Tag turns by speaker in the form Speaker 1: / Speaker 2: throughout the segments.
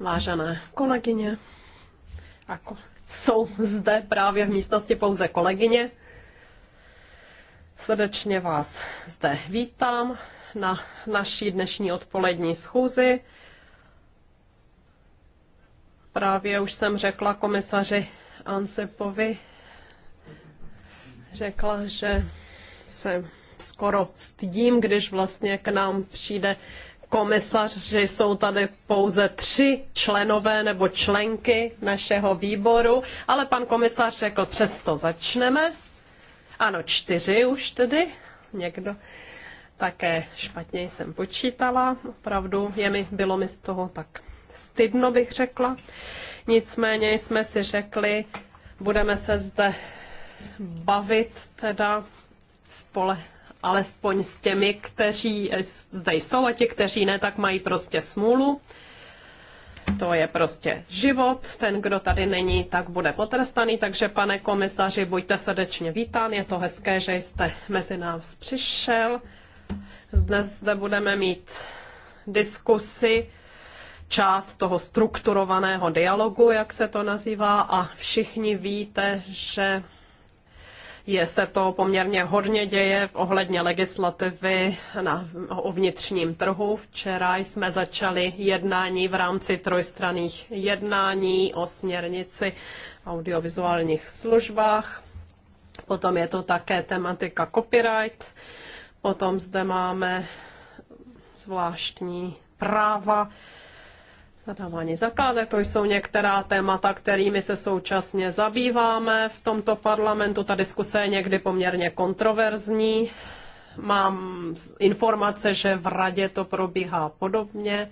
Speaker 1: Vážené kolegyně, jako jsou zde právě v místnosti pouze kolegyně. Srdečně vás zde vítám na naší dnešní odpolední schůzi. Právě už jsem řekla komisaři Ansepovi, řekla, že se skoro stydím, když vlastně k nám přijde komisař, že jsou tady pouze tři členové nebo členky našeho výboru, ale pan komisař řekl, přesto začneme. Ano, čtyři už tedy, někdo. Také špatně jsem počítala, opravdu je mi, bylo mi z toho tak stydno, bych řekla. Nicméně jsme si řekli, budeme se zde bavit teda spole, alespoň s těmi, kteří eh, zde jsou a ti, kteří ne, tak mají prostě smůlu. To je prostě život, ten, kdo tady není, tak bude potrestaný, takže pane komisaři, buďte srdečně vítán, je to hezké, že jste mezi nás přišel. Dnes zde budeme mít diskusi, část toho strukturovaného dialogu, jak se to nazývá, a všichni víte, že je se to poměrně hodně děje v ohledně legislativy na, o vnitřním trhu. Včera jsme začali jednání v rámci trojstranných jednání o směrnici audiovizuálních službách. Potom je to také tematika copyright. Potom zde máme zvláštní práva Zadávání zakázek, to jsou některá témata, kterými se současně zabýváme v tomto parlamentu. Ta diskuse je někdy poměrně kontroverzní. Mám informace, že v radě to probíhá podobně,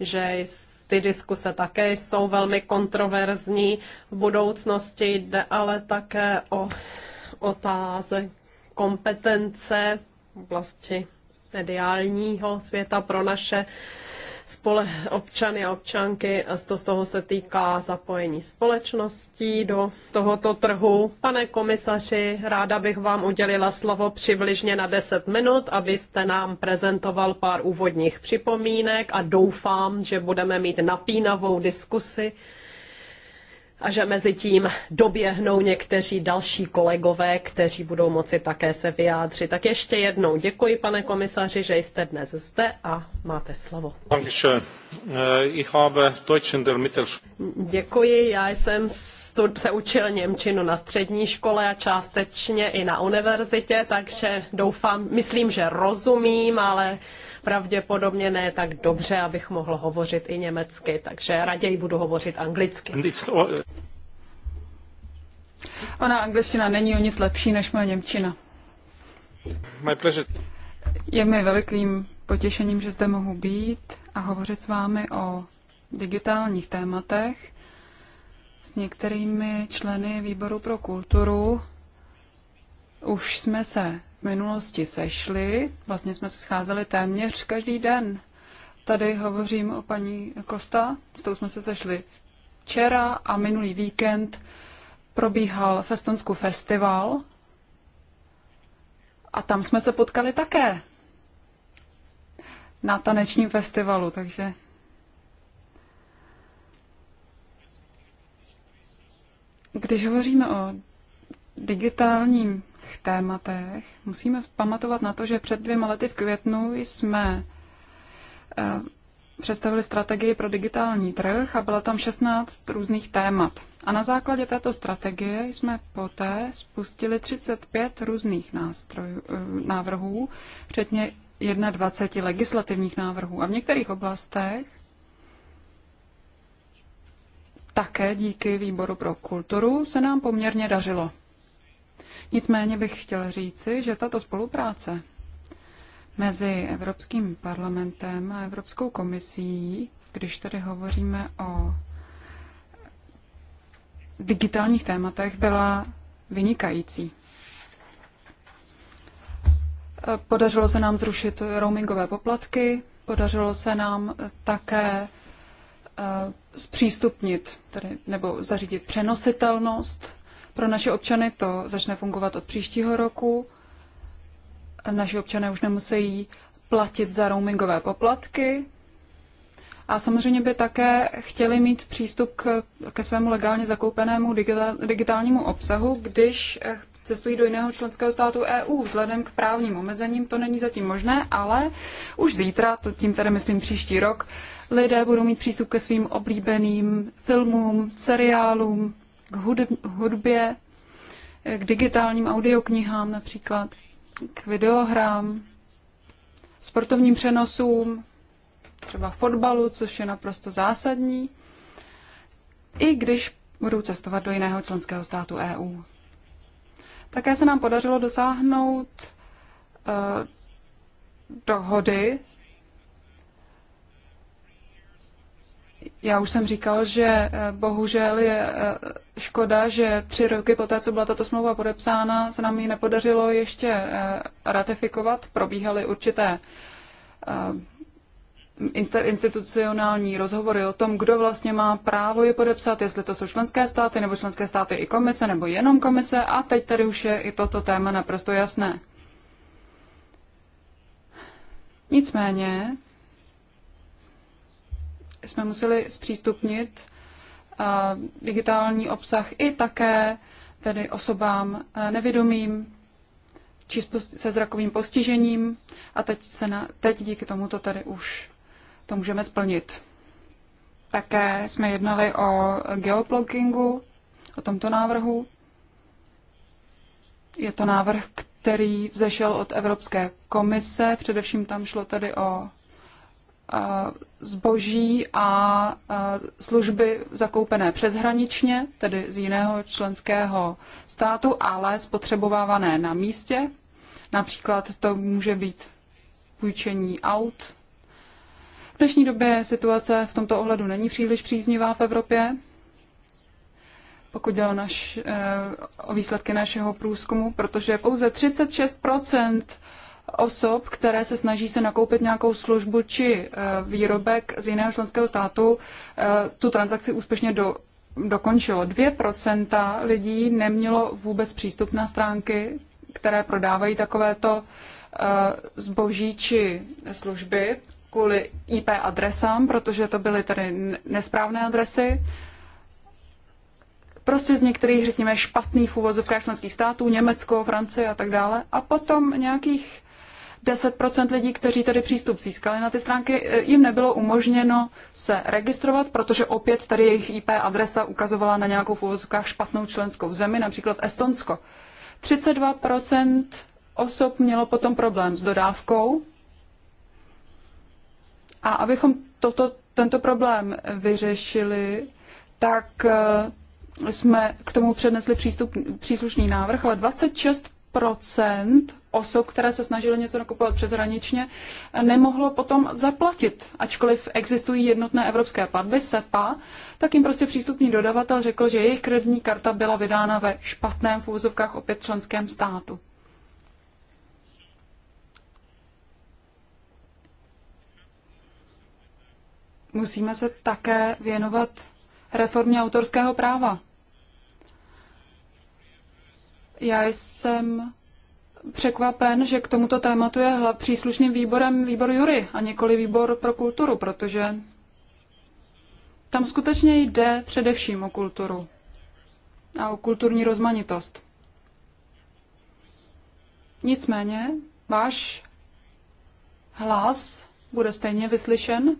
Speaker 1: že ty diskuse také jsou velmi kontroverzní. V budoucnosti jde ale také o otázky kompetence v oblasti mediálního světa pro naše uh, spole, občany a občanky, a to z toho se týká zapojení společností do tohoto trhu. Pane komisaři, ráda bych vám udělila slovo přibližně na 10 minut, abyste nám prezentoval pár úvodních připomínek a doufám, že budeme mít napínavou diskusi a že mezi tím doběhnou někteří další kolegové, kteří budou moci také se vyjádřit. Tak ještě jednou děkuji, pane komisaři, že jste dnes zde a máte slovo. Äh, děkuji, já jsem se učil Němčinu na střední škole a částečně i na univerzitě, takže doufám, myslím, že rozumím, ale pravděpodobně ne tak dobře, abych mohl hovořit i německy, takže raději budu hovořit anglicky. Ona
Speaker 2: angličtina není o nic lepší než moje němčina. My Je mi velikým potěšením, že zde mohu být a hovořit s vámi o digitálních tématech s některými členy výboru pro kulturu. Už jsme se minulosti sešli. Vlastně jsme se scházeli téměř každý den. Tady hovořím o paní Kosta, s tou jsme se sešli včera a minulý víkend probíhal v festival a tam jsme se potkali také na tanečním festivalu, takže když hovoříme o digitálním tématech, musíme pamatovat na to, že před dvěma lety v květnu jsme eh, představili strategii pro digitální trh a bylo tam 16 různých témat. A na základě této strategie jsme poté spustili 35 různých nástrojů, eh, návrhů, včetně 21 legislativních návrhů. A v některých oblastech také díky výboru pro kulturu se nám poměrně dařilo. Nicméně bych chtěl říci, že tato spolupráce mezi Evropským parlamentem a Evropskou komisí, když tady hovoříme o digitálních tématech, byla vynikající. Podařilo se nám zrušit roamingové poplatky, podařilo se nám také eh, zpřístupnit, tedy, nebo zařídit přenositelnost pro naše občany to začne fungovat od příštího roku. Naši občané už nemusí platit za roamingové poplatky. A samozřejmě by také chtěli mít přístup k, ke svému legálně zakoupenému digitálnímu obsahu, když eh, cestují do jiného členského státu EU. Vzhledem k právním omezením to není zatím možné, ale už zítra, to tím tedy myslím příští rok, lidé budou mít přístup ke svým oblíbeným filmům, seriálům, k hudbě, k digitálním audioknihám například, k videohrám, sportovním přenosům, třeba fotbalu, což je naprosto zásadní, i když budou cestovat do jiného členského státu EU. Také se nám podařilo dosáhnout uh, dohody Já už jsem říkal, že eh, bohužel je eh, škoda, že tři roky poté, co byla tato smlouva podepsána, se nám ji nepodařilo ještě eh, ratifikovat. Probíhaly určité institucionální rozhovory o tom, kdo vlastně má právo je podepsat, jestli to jsou členské státy, nebo členské státy i komise, nebo jenom komise. A teď tady už je i toto téma naprosto jasné. Nicméně jsme museli zpřístupnit eh, digitální obsah i také tedy osobám eh, nevědomým či se zrakovým postižením a teď, se na, teď díky to tedy už to můžeme splnit. Také jsme jednali o geoblockingu, o tomto návrhu. Je to návrh, který vzešel od Evropské komise, především tam šlo tedy o zboží a služby zakoupené přeshraničně, tedy z jiného členského státu, ale spotřebovávané na místě. Například to může být půjčení aut. V dnešní době situace v tomto ohledu není příliš příznivá v Evropě. Pokud jde o, naš, eh, o výsledky našeho průzkumu, protože pouze 36 osob, které se snaží se nakoupit nějakou službu či eh, výrobek z jiného členského státu, eh, tu transakci úspěšně do, dokončilo. 2% lidí nemělo vůbec přístup na stránky, které prodávají takovéto eh, zboží či služby kvůli IP adresám, protože to byly tedy nesprávné adresy prostě z některých, řekněme, špatných v uvozovkách členských států, Německo, Francie a tak dále. A potom nějakých 10% lidí, kteří tedy přístup získali na ty stránky, eh, jim nebylo umožněno se registrovat, protože opět tady jejich IP adresa ukazovala na nějakou v uvozovkách špatnou členskou zemi, například Estonsko. 32% osob mělo potom problém s dodávkou. A abychom toto, tento problém vyřešili, tak eh, jsme k tomu přednesli přístup, příslušný návrh, ale 26 osob, které se snažily něco nakupovat přeshraničně, nemohlo potom zaplatit. Ačkoliv existují jednotné evropské platby SEPA, tak jim prostě přístupný dodavatel řekl, že jejich kreditní karta byla vydána ve špatném v úzovkách opět členském státu. Musíme se také věnovat reformě autorského práva. Já jsem překvapen, že k tomuto tématu je příslušným výborem výbor Jury a nikoli výbor pro kulturu, protože tam skutečně jde především o kulturu a o kulturní rozmanitost. Nicméně váš hlas bude stejně vyslyšen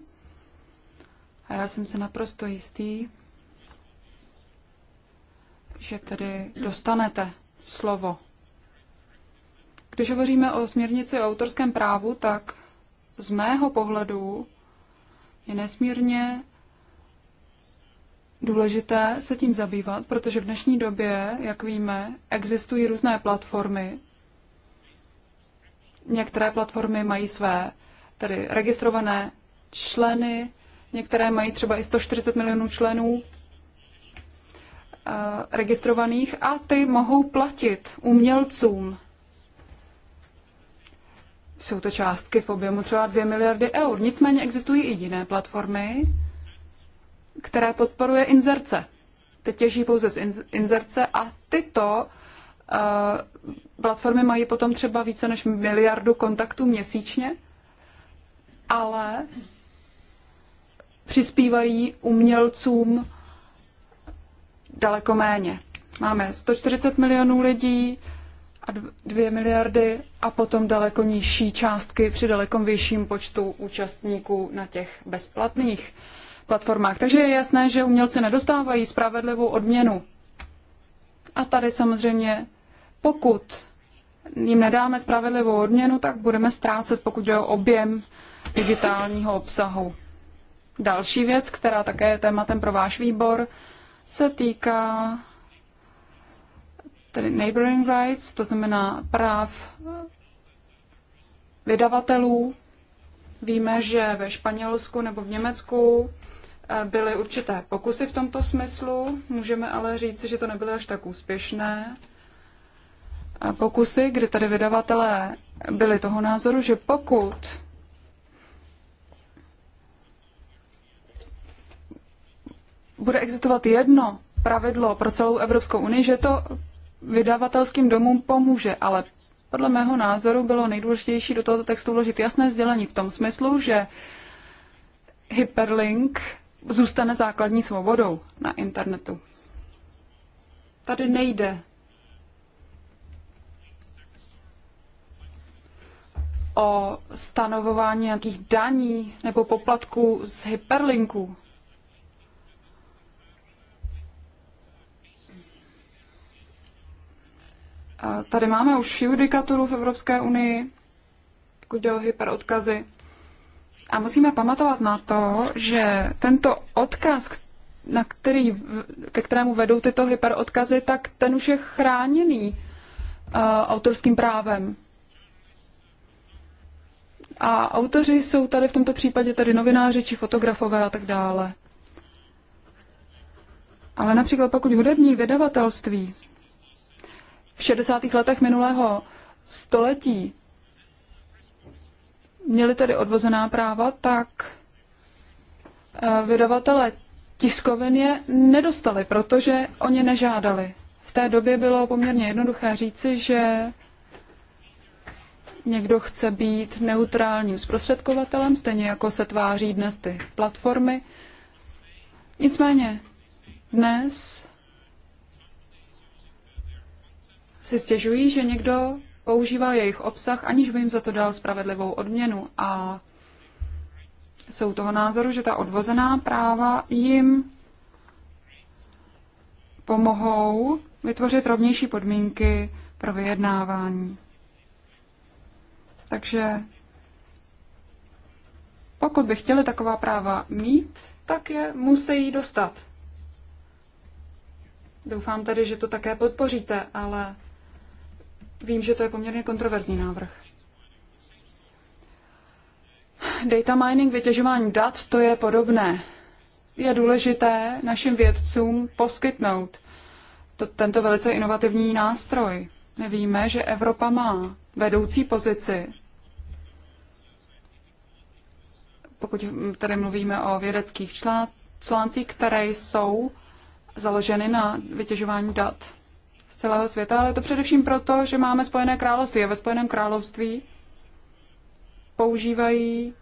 Speaker 2: a já jsem se naprosto jistý, že tedy dostanete slovo. Když hovoříme o směrnici o autorském právu, tak z mého pohledu je nesmírně důležité se tím zabývat, protože v dnešní době, jak víme, existují různé platformy. Některé platformy mají své tedy registrované členy, některé mají třeba i 140 milionů členů Eh, registrovaných a ty mohou platit umělcům. Jsou to částky v objemu třeba 2 miliardy eur. Nicméně existují i jiné platformy, které podporuje inzerce. Ty těží pouze z inzerce a tyto eh, platformy mají potom třeba více než miliardu kontaktů měsíčně, ale přispívají umělcům daleko méně. Máme 140 milionů lidí a 2 miliardy a potom daleko nižší částky při daleko vyšším počtu účastníků na těch bezplatných platformách. Takže je jasné, že umělci nedostávají spravedlivou odměnu. A tady samozřejmě, pokud jim nedáme spravedlivou odměnu, tak budeme ztrácet, pokud jde o objem digitálního obsahu. Další věc, která také je tématem pro váš výbor, se týká tedy neighboring rights, to znamená práv eh, vydavatelů. Víme, že ve Španělsku nebo v Německu eh, byly určité pokusy v tomto smyslu, můžeme ale říci, že to nebyly až tak úspěšné eh, pokusy, kdy tady vydavatelé byli toho názoru, že pokud bude existovat jedno pravidlo pro celou Evropskou unii, že to vydavatelským domům pomůže, ale podle mého názoru bylo nejdůležitější do tohoto textu vložit jasné sdělení v tom smyslu, že hyperlink zůstane základní svobodou na internetu. Tady nejde o stanovování nějakých daní nebo poplatků z hyperlinků. Tady máme už judikaturu v Evropské unii, pokud jde o hyperodkazy. A musíme pamatovat na to, že tento odkaz, na který, ke kterému vedou tyto hyperodkazy, tak ten už je chráněný uh, autorským právem. A autoři jsou tady v tomto případě tady novináři či fotografové a tak dále. Ale například pokud hudební vydavatelství v 60. letech minulého století měli tedy odvozená práva, tak eh, vydavatele tiskovin je nedostali, protože oni nežádali. V té době bylo poměrně jednoduché říci, že někdo chce být neutrálním zprostředkovatelem, stejně jako se tváří dnes ty platformy. Nicméně dnes si stěžují, že někdo používá jejich obsah, aniž by jim za to dal spravedlivou odměnu. A jsou toho názoru, že ta odvozená práva jim pomohou vytvořit rovnější podmínky pro vyjednávání. Takže pokud by chtěli taková práva mít, tak je musí dostat. Doufám tedy, že to také podpoříte, ale Vím, že to je poměrně kontroverzní návrh. Data mining, vytěžování dat, to je podobné. Je důležité našim vědcům poskytnout to, tento velice inovativní nástroj. My víme, že Evropa má vedoucí pozici, pokud tady mluvíme o vědeckých článcích, které jsou založeny na vytěžování dat celého světa, ale je to především proto, že máme Spojené království a ve Spojeném království používají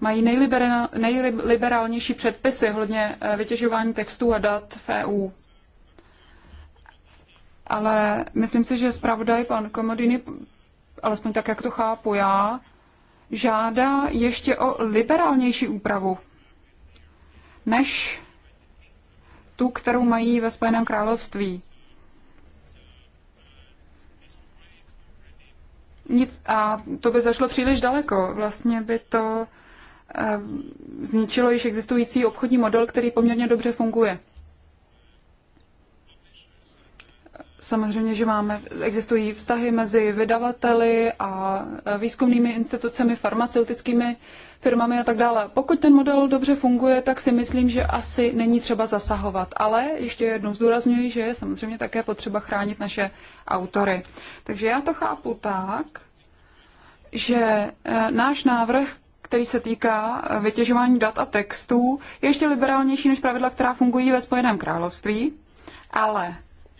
Speaker 2: mají nejlibera, nejliberálnější předpisy hodně eh, vytěžování textů a dat v EU. Ale myslím si, že zpravodaj pan Komodiny, alespoň tak, jak to chápu já, žádá ještě o liberálnější úpravu, než tu, kterou mají ve Spojeném království. Nic, a to by zašlo příliš daleko. Vlastně by to eh, zničilo již existující obchodní model, který poměrně dobře funguje. Samozřejmě, že máme, existují vztahy mezi vydavateli a e, výzkumnými institucemi, farmaceutickými firmami a tak dále. Pokud ten model dobře funguje, tak si myslím, že asi není třeba zasahovat. Ale ještě jednou zdůrazňuji, že je samozřejmě také potřeba chránit naše autory. Takže já to chápu tak, že e, náš návrh který se týká e, vytěžování dat a textů, je ještě liberálnější než pravidla, která fungují ve Spojeném království, ale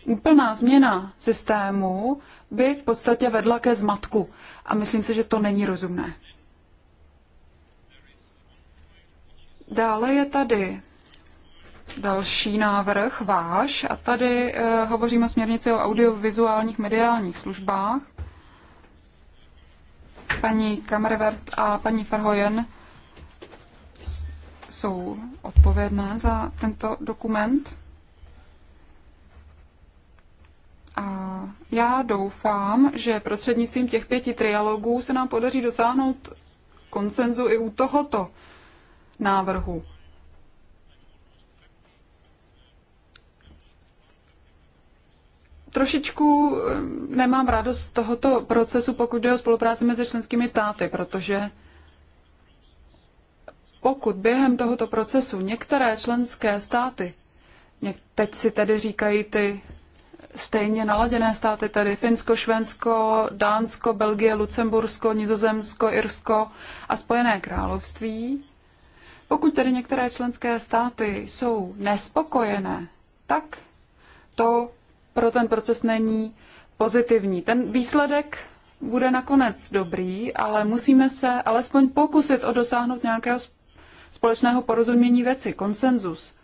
Speaker 2: Úplná změna systému by v podstatě vedla ke zmatku a myslím si, že to není rozumné. Dále je tady další návrh váš a tady e, hovoříme o směrnici o audiovizuálních mediálních službách. Paní Kamrevert a paní Farhojen jsou odpovědné za tento dokument. A já doufám, že prostřednictvím těch pěti trialogů se nám podaří dosáhnout konsenzu i u tohoto návrhu. Trošičku eh, nemám radost z tohoto procesu, pokud jde o spolupráci mezi členskými státy, protože pokud během tohoto procesu některé členské státy, teď si tedy říkají ty stejně naladěné státy, tedy Finsko, Švensko, Dánsko, Belgie, Lucembursko, Nizozemsko, Irsko a Spojené království. Pokud tedy některé členské státy jsou nespokojené, tak to pro ten proces není pozitivní. Ten výsledek bude nakonec dobrý, ale musíme se alespoň pokusit o dosáhnout nějakého společného porozumění věci, konsenzus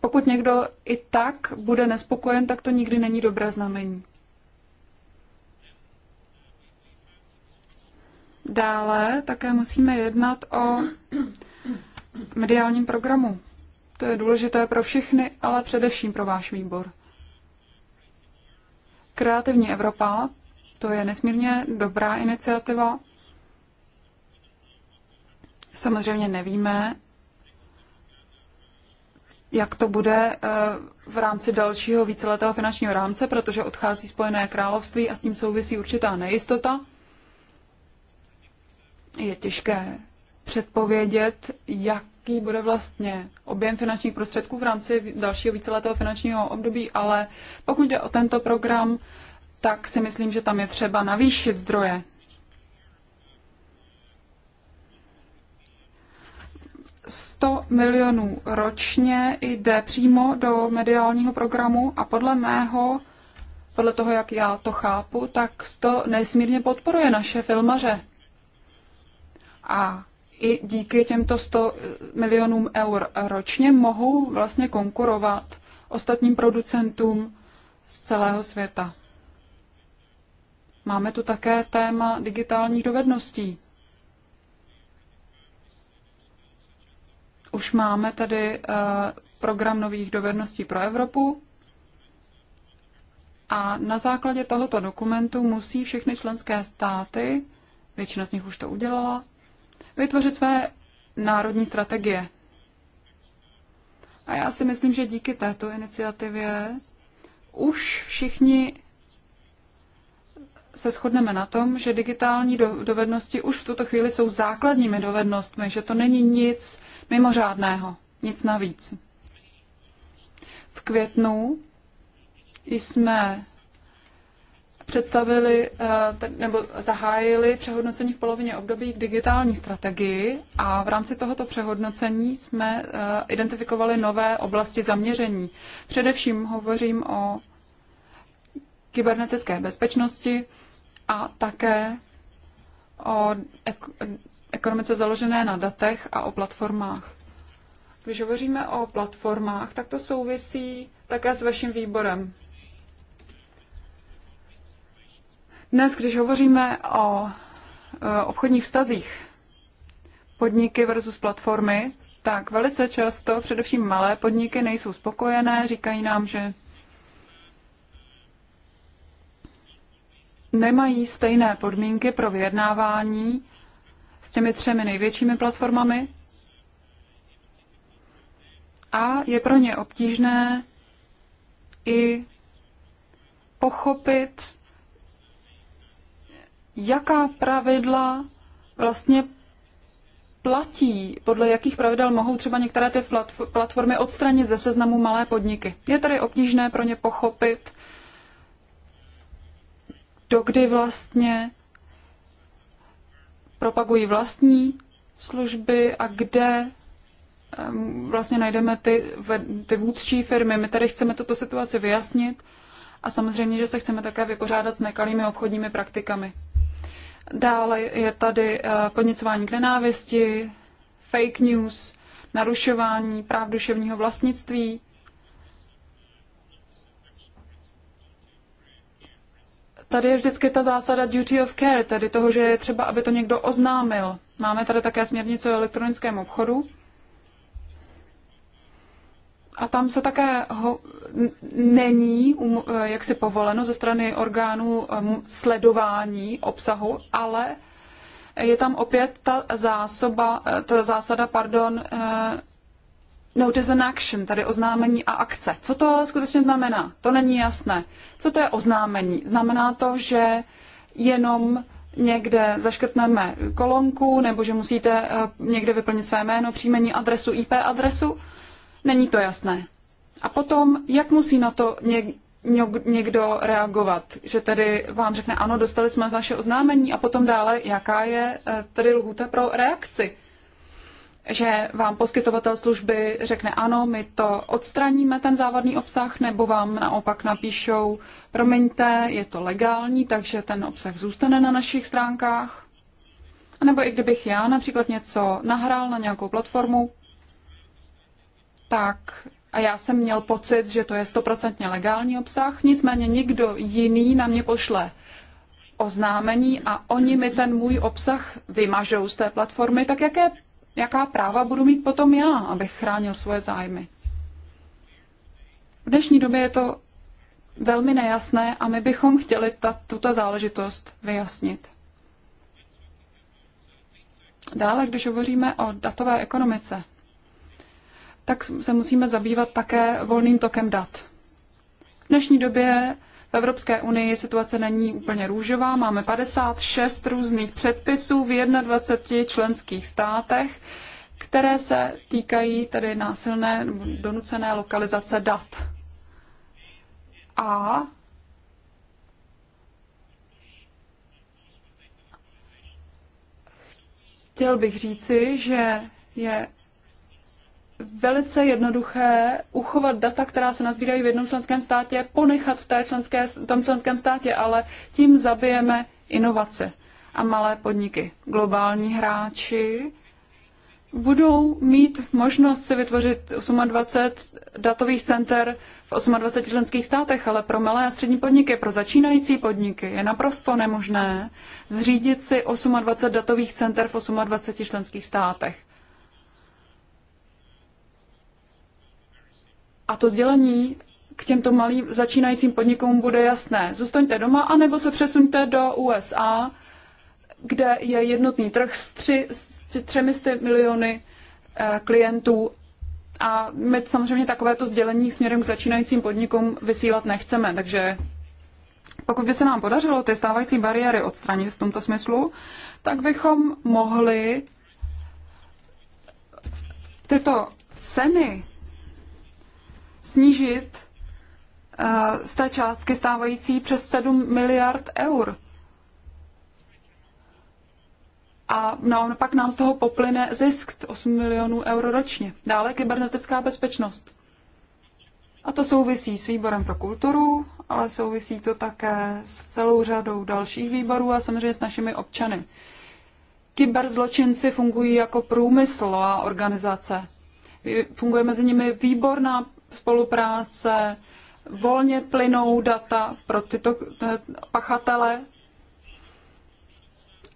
Speaker 2: pokud někdo i tak bude nespokojen, tak to nikdy není dobré znamení. Dále také musíme jednat o mediálním programu. To je důležité pro všechny, ale především pro váš výbor. Kreativní Evropa, to je nesmírně dobrá iniciativa. Samozřejmě nevíme, jak to bude eh, v rámci dalšího víceletého finančního rámce, protože odchází Spojené království a s tím souvisí určitá nejistota. Je těžké předpovědět, jaký bude vlastně objem finančních prostředků v rámci dalšího víceletého finančního období, ale pokud jde o tento program, tak si myslím, že tam je třeba navýšit zdroje 100 milionů ročně jde přímo do mediálního programu a podle mého, podle toho, jak já to chápu, tak to nesmírně podporuje naše filmaře. A i díky těmto 100 milionům eur ročně mohou vlastně konkurovat ostatním producentům z celého světa. Máme tu také téma digitálních dovedností. Už máme tedy eh, program nových dovedností pro Evropu a na základě tohoto dokumentu musí všechny členské státy, většina z nich už to udělala, vytvořit své národní strategie. A já si myslím, že díky této iniciativě už všichni se shodneme na tom, že digitální dovednosti už v tuto chvíli jsou základními dovednostmi, že to není nic, mimořádného, nic navíc. V květnu jsme představili eh, nebo zahájili přehodnocení v polovině období k digitální strategii a v rámci tohoto přehodnocení jsme eh, identifikovali nové oblasti zaměření. Především hovořím o kybernetické bezpečnosti a také o ekonomice založené na datech a o platformách. Když hovoříme o platformách, tak to souvisí také s vaším výborem. Dnes, když hovoříme o e, obchodních vztazích podniky versus platformy, tak velice často, především malé podniky, nejsou spokojené, říkají nám, že nemají stejné podmínky pro vyjednávání s těmi třemi největšími platformami a je pro ně obtížné i pochopit, jaká pravidla vlastně platí, podle jakých pravidel mohou třeba některé ty platformy odstranit ze seznamu malé podniky. Je tady obtížné pro ně pochopit, dokdy vlastně propagují vlastní služby a kde vlastně najdeme ty, ty vůdčí firmy. My tady chceme tuto situaci vyjasnit a samozřejmě, že se chceme také vypořádat s nekalými obchodními praktikami. Dále je tady eh, podněcování k nenávisti, fake news, narušování práv duševního vlastnictví, Tady je vždycky ta zásada duty of care, tedy toho, že je třeba, aby to někdo oznámil. Máme tady také směrnici o elektronickém obchodu. A tam se také ho, není um, eh, jak si povoleno ze strany orgánů um, sledování obsahu, ale je tam opět ta zásoba, eh, ta zásada, pardon, eh, Notice and action, tady oznámení a akce. Co to ale skutečně znamená? To není jasné. Co to je oznámení? Znamená to, že jenom někde zaškrtneme kolonku, nebo že musíte eh, někde vyplnit své jméno, příjmení, adresu, IP adresu? Není to jasné. A potom, jak musí na to někdo reagovat? Že tedy vám řekne, ano, dostali jsme vaše oznámení a potom dále, jaká je eh, tedy lhůta pro reakci? že vám poskytovatel služby řekne ano, my to odstraníme, ten závadný obsah, nebo vám naopak napíšou, promiňte, je to legální, takže ten obsah zůstane na našich stránkách. A nebo i kdybych já například něco nahrál na nějakou platformu, tak a já jsem měl pocit, že to je stoprocentně legální obsah, nicméně nikdo jiný na mě pošle oznámení a oni mi ten můj obsah vymažou z té platformy, tak jaké jaká práva budu mít potom já, abych chránil svoje zájmy. V dnešní době je to velmi nejasné a my bychom chtěli ta, tuto záležitost vyjasnit. Dále, když hovoříme o datové ekonomice, tak se musíme zabývat také volným tokem dat. V dnešní době v Evropské unii situace není úplně růžová. Máme 56 různých předpisů v 21 členských státech, které se týkají tedy násilné donucené lokalizace dat. A chtěl bych říci, že je velice jednoduché uchovat data, která se nazbírají v jednom členském státě, ponechat v té členské, tom členském státě, ale tím zabijeme inovace a malé podniky. Globální hráči budou mít možnost se vytvořit 28 datových center v 28 členských státech, ale pro malé a střední podniky, pro začínající podniky je naprosto nemožné zřídit si 28 datových center v 28 členských státech. A to sdělení k těmto malým začínajícím podnikům bude jasné. Zůstaňte doma, anebo se přesuňte do USA, kde je jednotný trh s, tři, s třemi miliony eh, klientů a my samozřejmě takovéto sdělení směrem k začínajícím podnikům vysílat nechceme, takže pokud by se nám podařilo ty stávající bariéry odstranit v tomto smyslu, tak bychom mohli tyto ceny snížit eh, z té částky stávající přes 7 miliard eur. A naopak nám z toho poplyne zisk 8 milionů eur ročně. Dále kybernetická bezpečnost. A to souvisí s výborem pro kulturu, ale souvisí to také s celou řadou dalších výborů a samozřejmě s našimi občany. Kyberzločinci fungují jako průmysl a organizace. Funguje mezi nimi výborná spolupráce, volně plynou data pro tyto pachatele,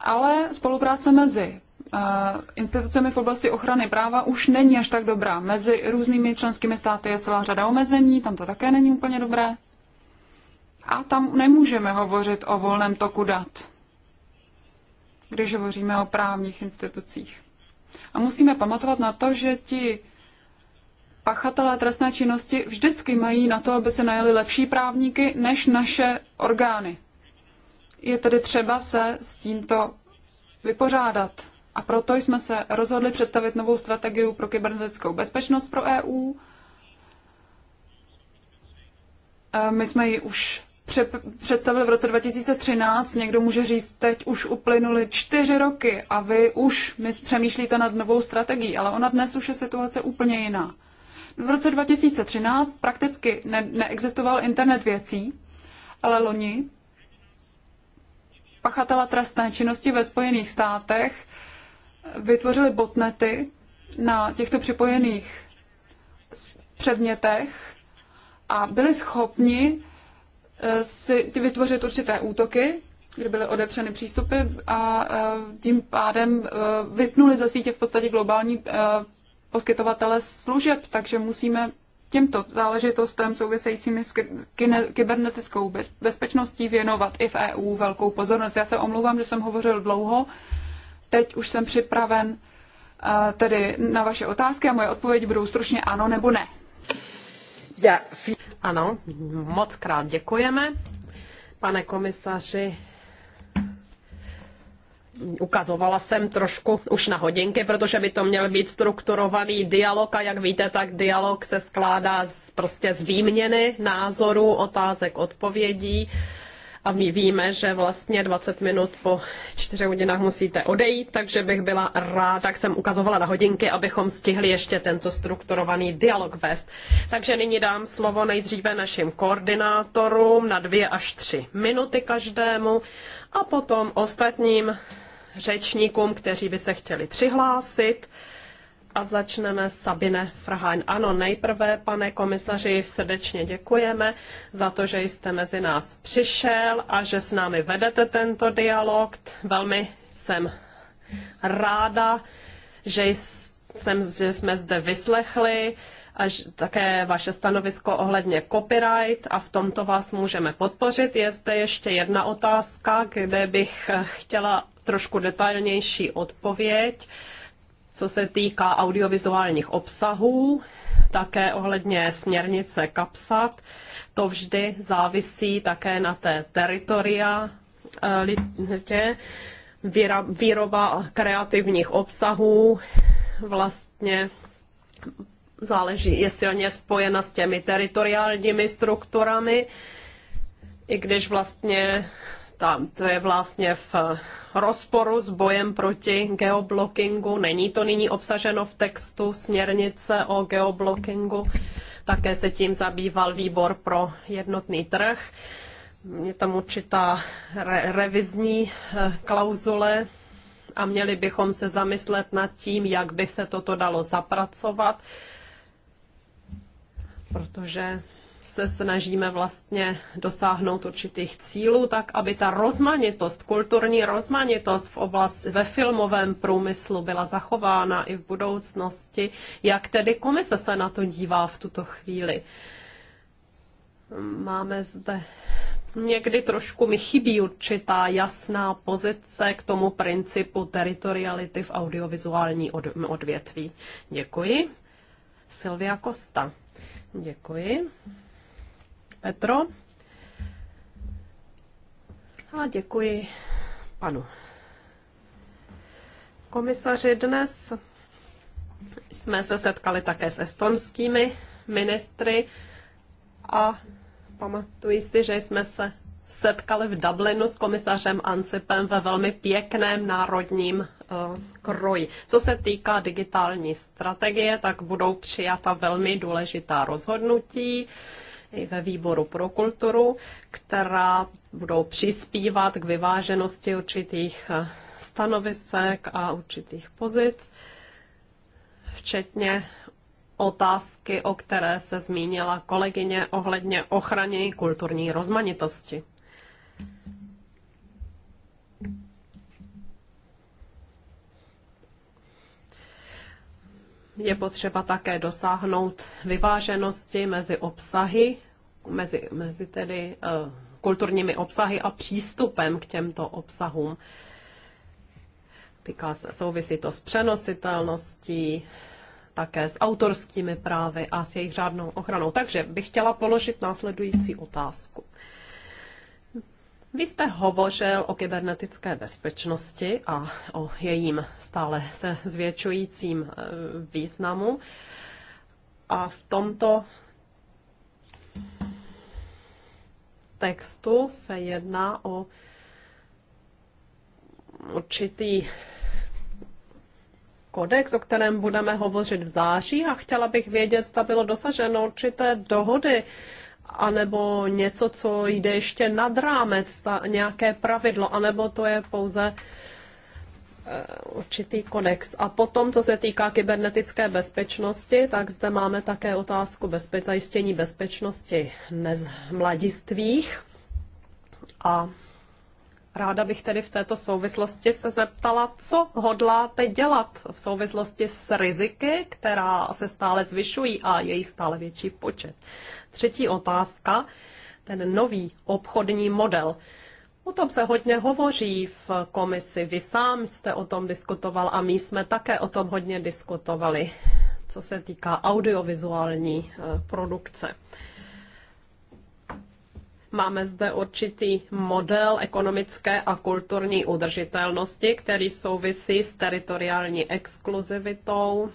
Speaker 2: ale spolupráce mezi eh, institucemi v oblasti ochrany práva už není až tak dobrá. Mezi různými členskými státy je celá řada omezení, tam to také není úplně dobré. A tam nemůžeme hovořit o volném toku dat, když hovoříme o právních institucích. A musíme pamatovat na to, že ti pachatelé trestné činnosti vždycky mají na to, aby se najeli lepší právníky než naše orgány. Je tedy třeba se s tímto vypořádat. A proto jsme se rozhodli představit novou strategii pro kybernetickou bezpečnost pro EU. E, my jsme ji už představili v roce 2013. Někdo může říct, teď už uplynuly čtyři roky a vy už my přemýšlíte nad novou strategií, ale ona dnes už je situace úplně jiná. V roce 2013 prakticky ne- neexistoval internet věcí, ale loni pachatela trestné činnosti ve Spojených státech vytvořili botnety na těchto připojených předmětech a byli schopni eh, si vytvořit určité útoky, kde byly odepřeny přístupy a eh, tím pádem eh, vypnuli ze sítě v podstatě globální poskytovatele služeb, takže musíme těmto záležitostem souvisejícími s kybernetickou bezpečností věnovat i v EU velkou pozornost. Já se omlouvám, že jsem hovořil dlouho. Teď už jsem připraven eh, tedy na vaše otázky a
Speaker 1: moje odpovědi budou stručně ano nebo ne. Ano, moc krát děkujeme. Pane komisaři, ukazovala jsem trošku už na hodinky, protože by to měl být strukturovaný dialog a jak víte, tak dialog se skládá z, prostě z výměny názorů, otázek, odpovědí a my víme, že vlastně 20 minut po 4 hodinách musíte odejít, takže bych byla ráda, tak jsem ukazovala na hodinky, abychom stihli ještě tento strukturovaný dialog vést. Takže nyní dám slovo nejdříve našim koordinátorům na dvě až tři minuty každému a potom ostatním řečníkům, kteří by se chtěli přihlásit. A začneme Sabine Frhaň. Ano, nejprve, pane komisaři, srdečně děkujeme za to, že jste mezi nás přišel a že s námi vedete tento dialog. Velmi jsem ráda, že jsem že jsme zde vyslechli a také vaše stanovisko ohledně copyright a v tomto vás můžeme podpořit. Je zde ještě jedna otázka, kde bych chtěla trošku detailnější odpověď co se týká audiovizuálních obsahů, také ohledně směrnice kapsat. To vždy závisí také na té teritoria eh, lidě. Výroba kreativních obsahů vlastně záleží, je silně spojena s těmi teritoriálními strukturami, i když vlastně tam to je vlastně v rozporu s bojem proti geoblockingu. Není to nyní obsaženo v textu směrnice o geoblockingu. Také se tím zabýval výbor pro jednotný trh. Je tam určitá re- revizní eh, klauzule a měli bychom se zamyslet nad tím, jak by se toto dalo zapracovat protože se snažíme vlastně dosáhnout určitých cílů, tak aby ta rozmanitost, kulturní rozmanitost v oblasti, ve filmovém průmyslu byla zachována i v budoucnosti. Jak tedy komise se na to dívá v tuto chvíli? Máme zde někdy trošku mi chybí určitá jasná pozice k tomu principu teritoriality v audiovizuální odvětví. Děkuji. Silvia Costa. Děkuji. Petro. A děkuji panu komisaři. Dnes jsme se setkali také s estonskými ministry a pamatuji si, že jsme se setkali v Dublinu s komisařem Ansipem ve velmi pěkném národním eh, kroji. Co se týká digitální strategie, tak budou přijata velmi důležitá rozhodnutí i ve výboru pro kulturu, která budou přispívat k vyváženosti určitých eh, stanovisek a určitých pozic, včetně otázky, o které se zmínila kolegyně ohledně ochrany kulturní rozmanitosti. Je potřeba také dosáhnout vyváženosti mezi obsahy, mezi, mezi tedy eh, kulturními obsahy a přístupem k těmto obsahům. Týká se, souvisí to s přenositelností, také s autorskými právy a s jejich řádnou ochranou. Takže bych chtěla položit následující otázku. Vy jste hovořil o kybernetické bezpečnosti a o jejím stále se zvětšujícím eh, významu. A v tomto textu se jedná o určitý kodex, o kterém budeme hovořit v září a chtěla bych vědět, zda bylo dosaženo určité dohody anebo něco, co jde ještě nad rámec, ta, nějaké pravidlo, anebo to je pouze eh, určitý kodex. A potom, co se týká kybernetické bezpečnosti, tak zde máme také otázku bezpeč- zajištění bezpečnosti mladistvých a Ráda bych tedy v této souvislosti se zeptala, co hodláte dělat v souvislosti s riziky, která se stále zvyšují a jejich stále větší počet. Třetí otázka, ten nový obchodní model. O tom se hodně hovoří v komisi. Vy sám jste o tom diskutoval a my jsme také o tom hodně diskutovali, co se týká audiovizuální eh, produkce. Máme zde určitý model ekonomické a kulturní udržitelnosti, který souvisí s teritoriální exkluzivitou,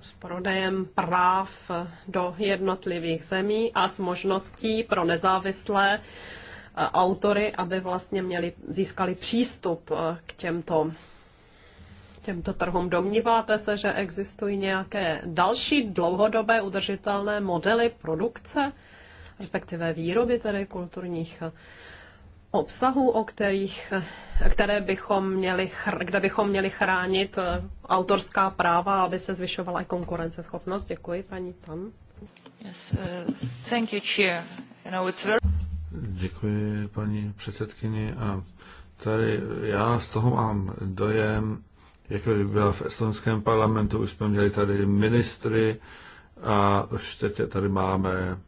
Speaker 1: s prodejem práv do jednotlivých zemí a s možností pro nezávislé eh, autory, aby vlastně měli, získali přístup eh, k těmto těmto trhům. Domníváte se, že existují nějaké další dlouhodobé udržitelné modely produkce? respektive výroby tedy kulturních eh, obsahů, o kterých, eh, které bychom měli, kde bychom měli chránit eh, autorská práva, aby se zvyšovala i konkurenceschopnost. Děkuji, paní Tam. Uh,
Speaker 3: Děkuji, paní předsedkyni. A tady já z toho mám dojem, jako by byla v estonském parlamentu, už jsme měli tady ministry a už teď tady máme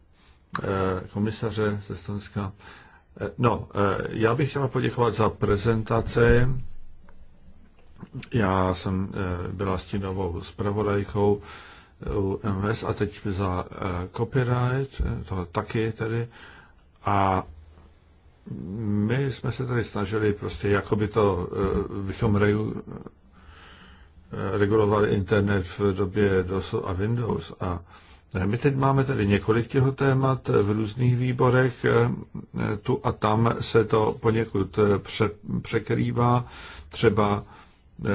Speaker 3: Eh, komisaře z Estonska. Eh, no, eh, já bych chtěla poděkovat za prezentaci. Já jsem byla novou zpravodajkou u MS a teď za copyright, to taky tedy. A my jsme se tady snažili prostě, jako by to, bychom regu, regulovali internet v době DOSu a Windows a my teď máme tady několik těchto témat v různých výborech. Tu a tam se to poněkud pře- překrývá. Třeba e,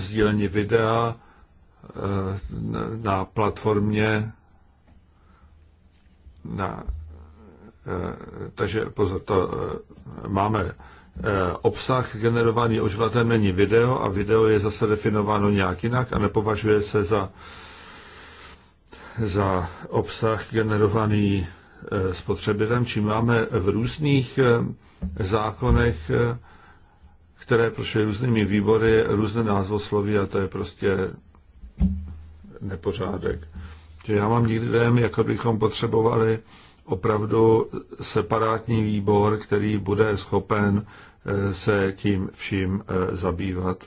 Speaker 3: sdílení videa e, na platformě. Na, e, takže pozor, to e, máme obsah generovaný uživatelem není video a video je zase definováno nějak jinak a nepovažuje se za za obsah generovaný eh, spotřebitelem, či máme v různých eh, zákonech, eh, které prošly různými výbory, různé názvosloví a to je prostě nepořádek. Že já mám někdy dojem, jako bychom potřebovali opravdu separátní výbor, který bude schopen se tím vším zabývat.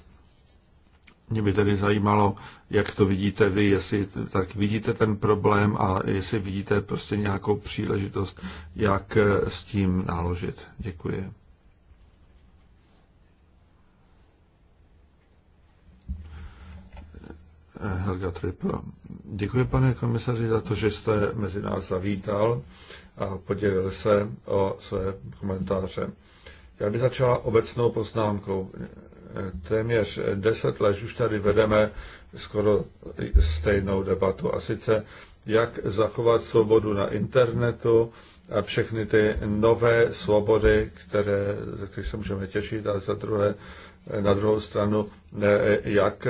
Speaker 3: Mě by tedy zajímalo, jak to vidíte vy, jestli tak vidíte ten problém a jestli vidíte prostě nějakou příležitost, jak eh, s tím naložit. Děkuji. Eh, Helga Trippel. Děkuji, pane komisaři, za to, že jste mezi nás zavítal a podělil se o své komentáře. Já bych začala obecnou poznámkou téměř deset let už tady vedeme skoro stejnou debatu. A sice, jak zachovat svobodu na internetu a všechny ty nové svobody, které, ze kterých se můžeme těšit, a za druhé, na druhou stranu, jak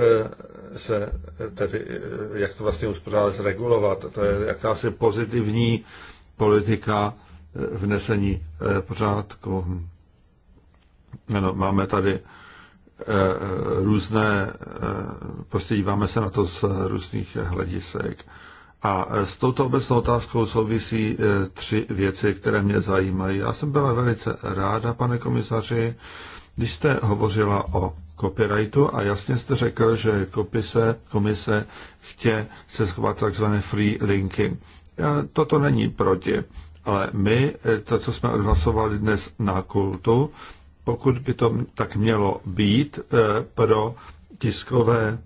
Speaker 3: se tedy, jak to vlastně uspořádat, zregulovat. To je jakási pozitivní politika vnesení pořádku. Ano, máme tady Eh, eh, různé, eh, prostě díváme se na to z různých hledisek. A s touto obecnou otázkou souvisí tři věci, které mě zajímají. Já jsem byla velice ráda, pane komisaři, když jste hovořila o copyrightu a jasně jste řekl, že kopise, komise chtě se schovat takzvané free linky. Toto není proti, ale my, to, co jsme odhlasovali dnes na kultu, pokud by to tak mělo být eh, pro tiskové,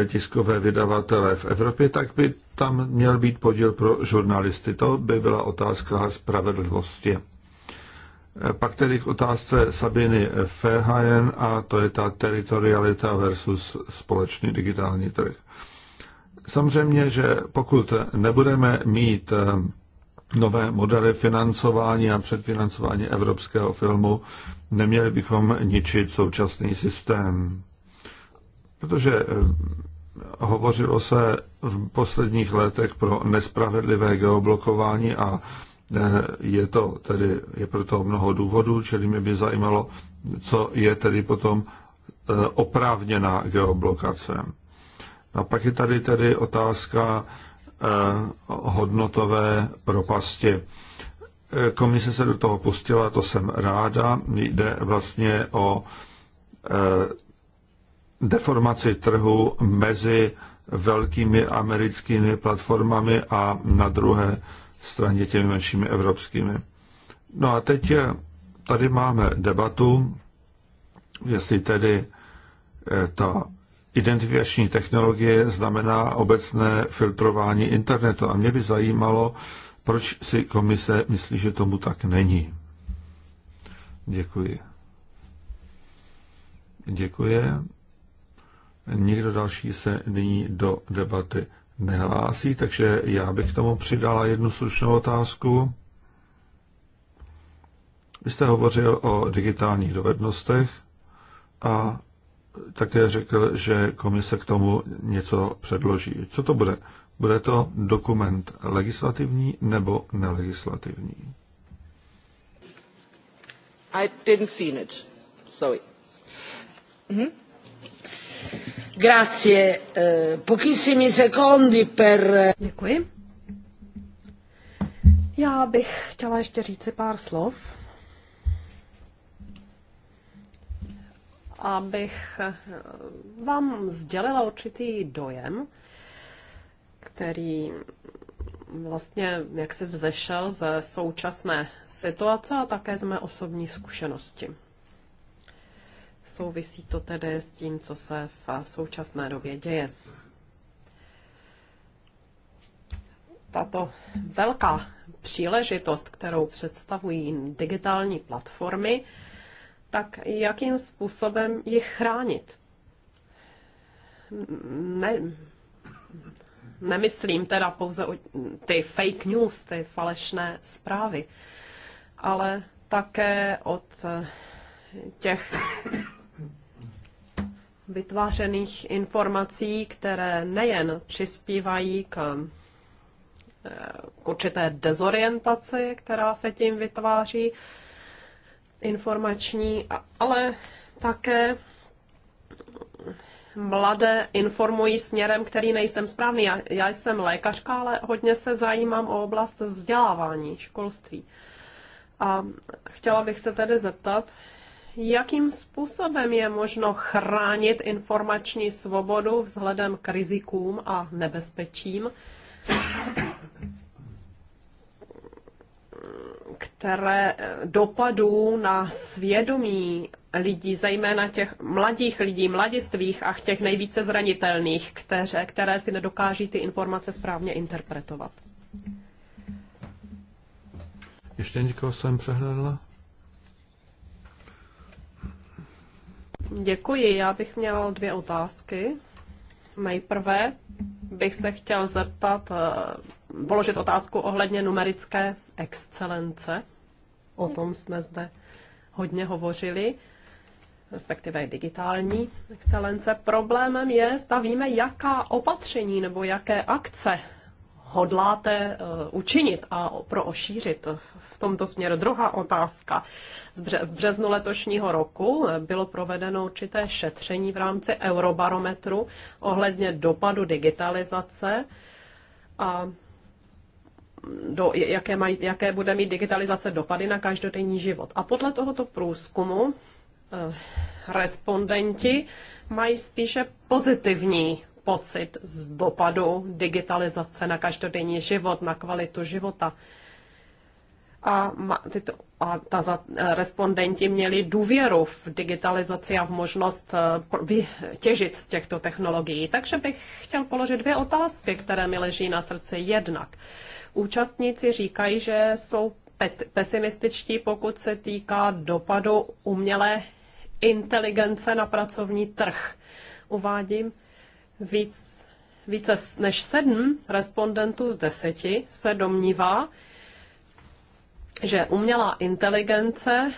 Speaker 3: eh, tiskové vydavatele v Evropě, tak by tam měl být podíl pro žurnalisty. To by byla otázka spravedlnosti. Eh, pak tedy k otázce Sabiny Ferhajen a to je ta teritorialita versus společný digitální trh. Samozřejmě, že pokud nebudeme mít nové modely financování a předfinancování evropského filmu, neměli bychom ničit současný systém. Protože eh, hovořilo se v posledních letech pro nespravedlivé geoblokování a eh, je to tedy, je proto mnoho důvodů, čili mě by zajímalo, co je tedy potom eh, oprávněná geoblokace. A pak je tady tedy otázka hodnotové propasti. Komise se do toho pustila, to jsem ráda. Jde vlastně o eh, deformaci trhu mezi velkými americkými platformami a na druhé straně těmi menšími evropskými. No a teď je, eh, tady máme debatu, jestli tedy eh, ta identifikační technologie znamená obecné filtrování internetu. A mě by zajímalo, proč si komise myslí, že tomu tak není. Děkuji. Děkuji. Nikdo další se nyní do debaty nehlásí, takže já bych k tomu přidala jednu slušnou otázku. Vy jste hovořil o digitálních dovednostech a také řekl, že komise k tomu něco předloží. Co to bude? Bude to dokument legislativní nebo nelegislativní?
Speaker 1: I didn't see it. Sorry. Mm-hmm. Grazie. Eh, pochissimi secondi per... Eh, Děkuji. Já bych chtěla ještě říci pár slov abych eh, vám sdělila určitý dojem, který vlastně jak se vzešel ze současné situace a také z mé osobní zkušenosti. Souvisí to tedy s tím, co se v současné době děje. Tato velká příležitost, kterou představují digitální platformy, tak jakým způsobem je chránit? Ne, nemyslím teda pouze o ty fake news, ty falešné zprávy, ale také od eh, těch vytvářených informací, které nejen přispívají k, eh, k určité dezorientaci, která se tím vytváří, informační, ale také mladé informují směrem, který nejsem správný. Já, já jsem lékařka, ale hodně se zajímám o oblast vzdělávání, školství. A chtěla bych se tedy zeptat, jakým způsobem je možno chránit informační svobodu vzhledem k rizikům a nebezpečím, které eh, dopadů na svědomí lidí, zejména těch mladých lidí, mladistvých a těch nejvíce zranitelných, které, které si nedokáží ty informace správně interpretovat.
Speaker 3: Ještě někoho jsem přehledla?
Speaker 1: Děkuji, já bych měla dvě otázky. Nejprve bych se chtěl zeptat, eh, položit otázku ohledně numerické excelence. O tom jsme zde hodně hovořili, respektive digitální excelence. Problémem je, stavíme, jaká opatření nebo jaké akce hodláte eh, učinit a pro ošířit v tomto směru? Druhá otázka. V březnu letošního roku bylo provedeno určité šetření v rámci Eurobarometru ohledně dopadu digitalizace a do, jaké, maj, jaké bude mít digitalizace dopady na každodenní život. A podle tohoto průzkumu eh, respondenti mají spíše pozitivní pocit z dopadu digitalizace na každodenní život, na kvalitu života. A, tyto, a ta za, respondenti měli důvěru v digitalizaci a v možnost eh, těžit z těchto technologií. Takže bych chtěl položit dvě otázky, které mi leží na srdci jednak. Účastníci říkají, že jsou pesimističtí, pokud se týká dopadu umělé inteligence na pracovní trh. Uvádím, Víc, více než sedm respondentů z deseti se domnívá, že umělá inteligence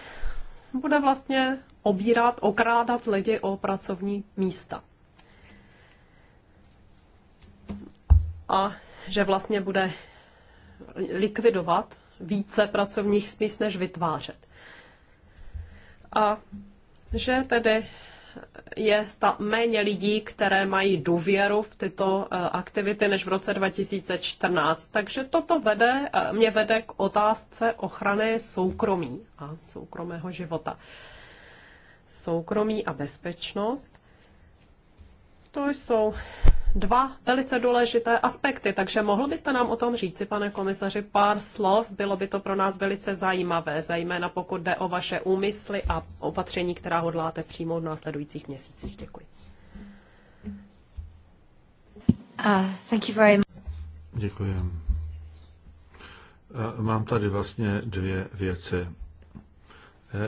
Speaker 1: bude vlastně obírat, okrádat lidi o pracovní místa. A že vlastně bude likvidovat více pracovních míst, než vytvářet. A že tedy je méně lidí, které mají důvěru v tyto eh, aktivity než v roce 2014. Takže toto vede, eh, mě vede k otázce ochrany soukromí a soukromého života. Soukromí a bezpečnost. To jsou dva velice důležité aspekty, takže mohl byste nám o tom říci, pane komisaři, pár slov? Bylo by to pro nás velice zajímavé, zejména pokud jde o vaše úmysly a opatření, která hodláte přijmout v následujících měsících. Děkuji. Uh, thank you very much.
Speaker 3: Děkuji. Uh, mám tady vlastně dvě věci. Uh,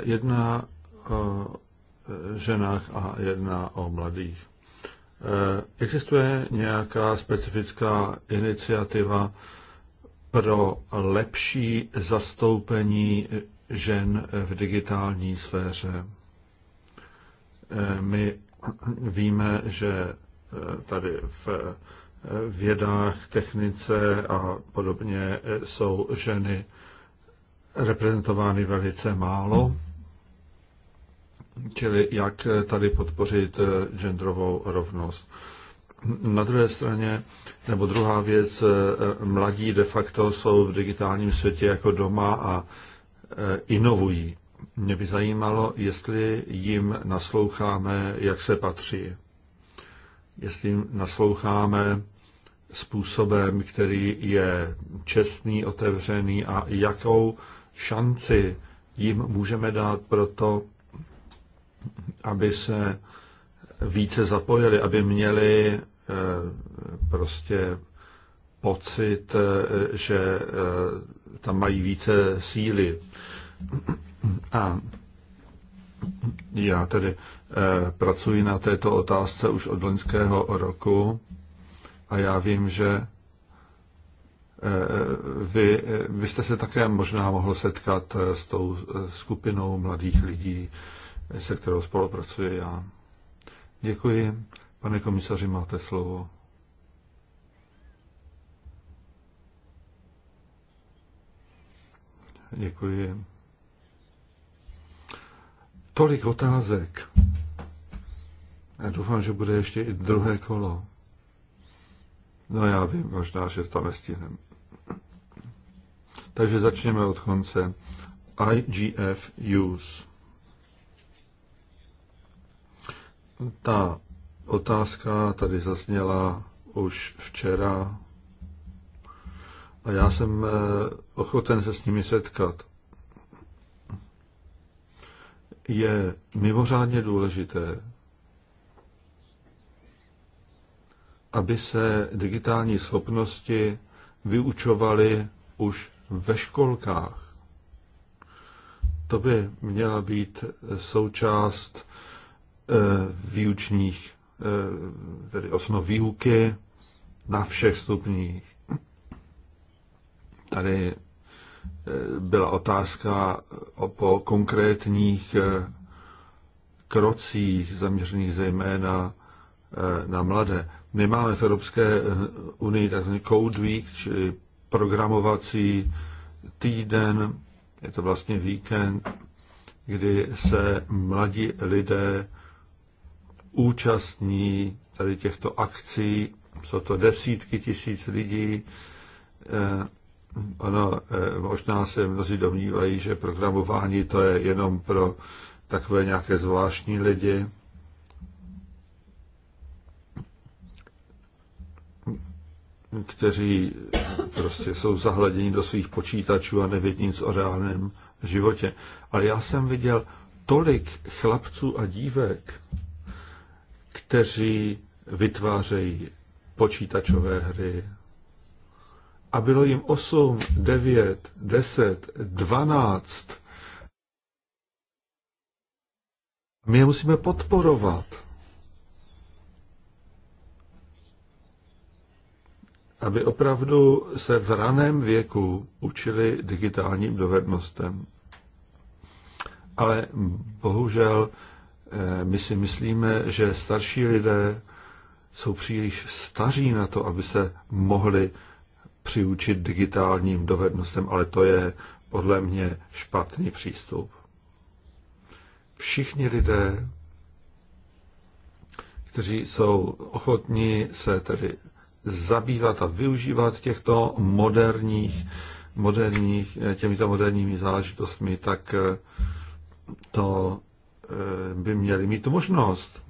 Speaker 3: jedna o uh, ženách a jedna o mladých. Eh, existuje nějaká specifická iniciativa pro lepší zastoupení žen v digitální sféře? Eh, my víme, že eh, tady v vědách, technice a podobně jsou ženy reprezentovány velice málo čili jak tady podpořit eh, genderovou rovnost. Na druhé straně, nebo druhá věc, eh, mladí de facto jsou v digitálním světě jako doma a eh, inovují. Mě by zajímalo, jestli jim nasloucháme, jak se patří. Jestli jim nasloucháme způsobem, který je čestný, otevřený a jakou šanci jim můžeme dát pro to, aby se více zapojili, aby měli eh, prostě pocit, eh, že eh, tam mají více síly. A já tedy pracuji na této otázce už od loňského roku a já vím, že vy jste se také možná mohl setkat s tou skupinou mladých lidí, se kterou spolupracuji já. Děkuji. Pane komisaři, máte slovo. Děkuji. Tolik otázek. Já doufám, že bude ještě i druhé kolo. No já vím, možná, že to nestihnem. Takže začněme od konce. IGF use. Ta otázka tady zazněla už včera a já jsem eh, ochoten se s nimi setkat. Je mimořádně důležité, aby se digitální schopnosti vyučovaly už ve školkách. To by měla být součást Eh, výučních, eh, tedy osnov výuky na všech stupních. Tady eh, byla otázka po konkrétních krocích zaměřených zejména na mladé. My máme v Evropské unii tzv. Code Week, či programovací týden, je to vlastně víkend, kdy se mladí lidé účastní tady těchto akcí. Jsou to desítky tisíc lidí. Eh, ono, eh, možná se mnozí domnívají, že programování to je jenom pro takové nějaké zvláštní lidi. kteří prostě jsou zahleděni do svých počítačů a nevědí nic o reálném životě. Ale já jsem viděl tolik chlapců a dívek, kteří vytvářejí počítačové hry. A bylo jim 8, 9, 10, 12. My je musíme podporovat. aby opravdu se v raném věku učili digitálním dovednostem. Ale bohužel Eh, my si myslíme, že starší lidé jsou příliš staří na to, aby se mohli přiučit digitálním dovednostem, ale to je podle mě špatný přístup. Všichni lidé, kteří jsou ochotní se tedy zabývat a využívat těchto moderních, moderních eh, těmito moderními záležitostmi, tak eh, to Eh, by měli mít tu možnost.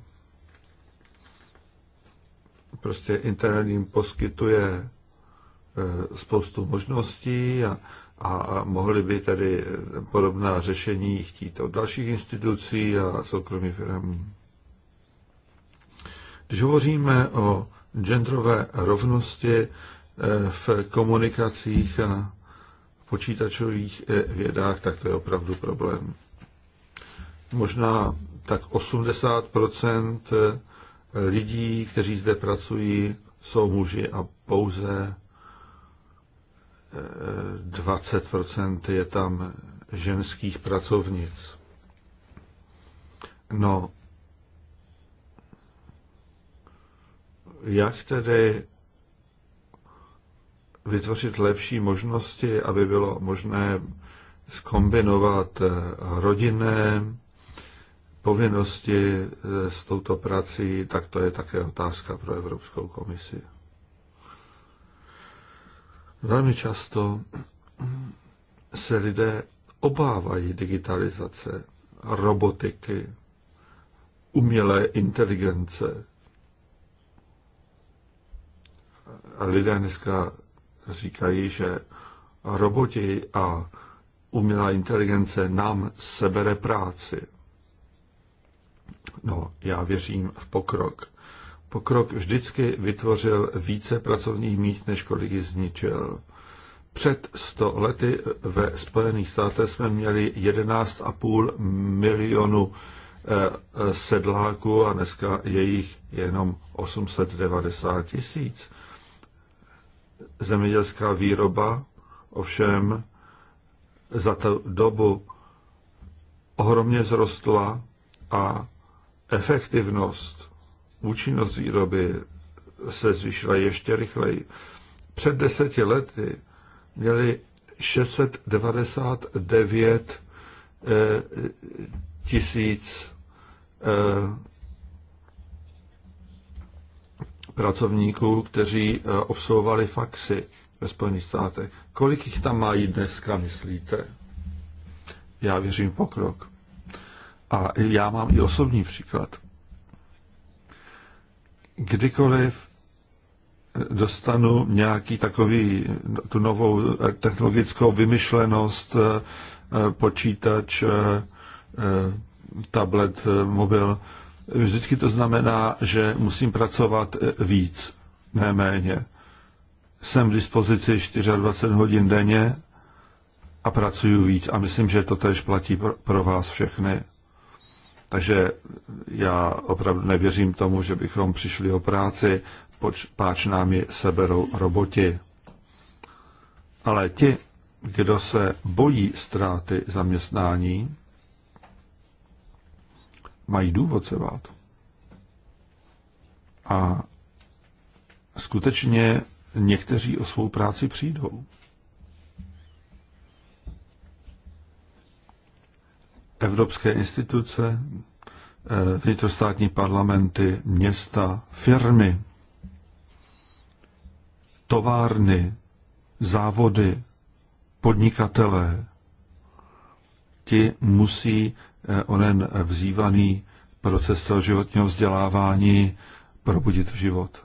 Speaker 3: Prostě internet jim poskytuje eh, spoustu možností a, a mohli by tedy eh, podobná řešení chtít od dalších institucí a soukromých firm. Když hovoříme o genderové rovnosti v komunikacích a počítačových vědách, tak to je opravdu problém možná tak 80 eh, lidí, kteří zde pracují, jsou muži a pouze 20 eh, je tam ženských pracovnic. No, jak tedy vytvořit lepší možnosti, aby bylo možné skombinovat eh, rodinné povinnosti eh, s touto prací, tak to je také otázka pro Evropskou komisi. Velmi často se lidé obávají digitalizace, robotiky, umělé inteligence. A lidé dneska říkají, že roboti a umělá inteligence nám sebere práci. No, já věřím v pokrok. Pokrok vždycky vytvořil více pracovních míst, než kolik ji zničil. Před 100 lety ve Spojených státech jsme měli 11,5 milionu eh, sedláků a dneska je jich jenom 890 tisíc. Zemědělská výroba ovšem za tu dobu ohromně zrostla a efektivnost, účinnost výroby se zvýšila ještě rychleji. Před deseti lety měli 699 eh, tisíc eh, pracovníků, kteří obsluhovali eh, faxy ve Spojených státech. Kolik jich tam mají dneska, myslíte? Já věřím pokrok. A já mám i osobní příklad. Kdykoliv eh, dostanu nějaký takový, tu novou eh, technologickou vymyšlenost, eh, počítač, tablet, mobil, vždycky to znamená, že musím pracovat víc, ne méně. Jsem v dispozici 24 hodin denně a pracuju víc. A myslím, že to tež platí pro vás všechny. Takže já opravdu nevěřím tomu, že bychom přišli o práci, poč, páč nám ji seberou roboti. Ale ti, kdo se bojí ztráty zaměstnání, mají důvod se bát. A skutečně někteří o svou práci přijdou. evropské instituce, eh, vnitrostátní parlamenty, města, firmy, továrny, závody, podnikatelé, ti musí eh, onen vzývaný proces životního vzdělávání probudit v život.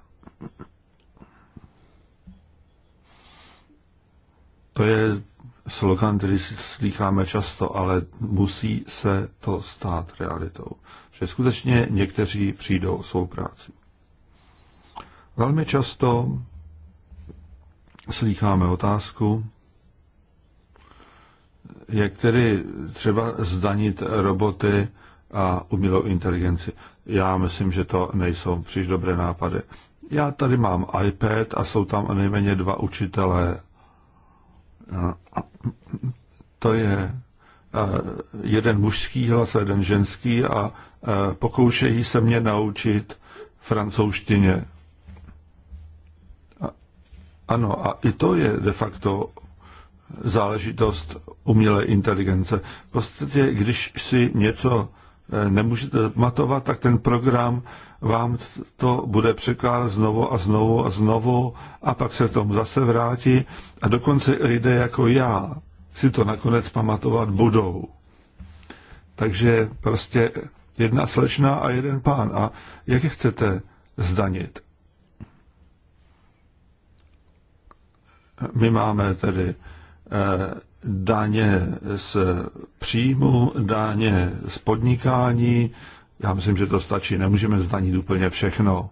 Speaker 3: To je slogan, který slycháme často, ale musí se to stát realitou. Že skutečně někteří přijdou o svou práci. Velmi často slycháme otázku, jak tedy třeba zdanit roboty a umělou inteligenci. Já myslím, že to nejsou příliš dobré nápady. Já tady mám iPad a jsou tam nejméně dva učitelé to je e, jeden mužský hlas a jeden ženský a e, pokoušejí se mě naučit francouzštině. Ano, a i to je de facto záležitost umělé inteligence. V podstatě, když si něco Eh, nemůžete pamatovat, tak ten program vám to bude překládat znovu a znovu a znovu a pak se tomu zase vrátí a dokonce lidé jako já si to nakonec pamatovat budou. Takže prostě jedna slečna a jeden pán. A jak je chcete zdanit? Eh, my máme tedy eh, daně z příjmu, daně z podnikání. Já myslím, že to stačí. Nemůžeme zdanit úplně všechno.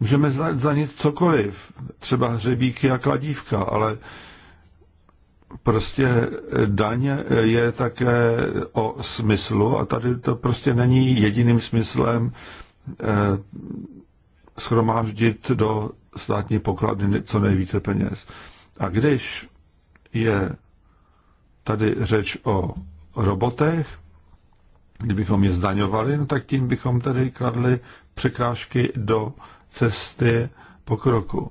Speaker 3: Můžeme zdanit cokoliv, třeba hřebíky a kladívka, ale prostě daně je také o smyslu a tady to prostě není jediným smyslem eh, schromáždit do státní pokladny co nejvíce peněz. A když je tady řeč o robotech, kdybychom je zdaňovali, no tak tím bychom tedy kladli překrážky do cesty pokroku.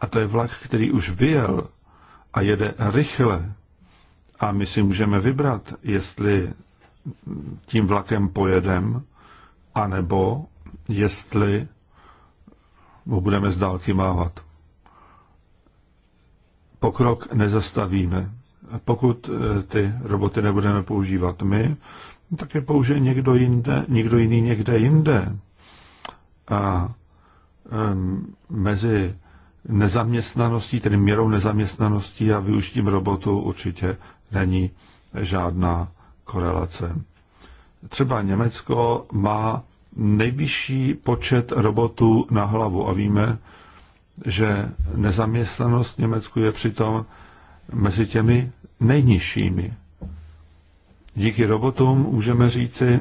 Speaker 3: A to je vlak, který už vyjel a jede rychle. A my si můžeme vybrat, jestli tím vlakem pojedem, anebo jestli mu budeme z dálky mávat. Pokrok nezastavíme pokud eh, ty roboty nebudeme používat my, tak je použije někdo, jinde, někdo jiný někde jinde. A mezi nezaměstnaností, tedy měrou nezaměstnaností a využitím robotu určitě není žádná korelace. Třeba Německo má nejvyšší počet robotů na hlavu a víme, že nezaměstnanost v Německu je přitom mezi těmi nejnižšími. Díky robotům můžeme říci,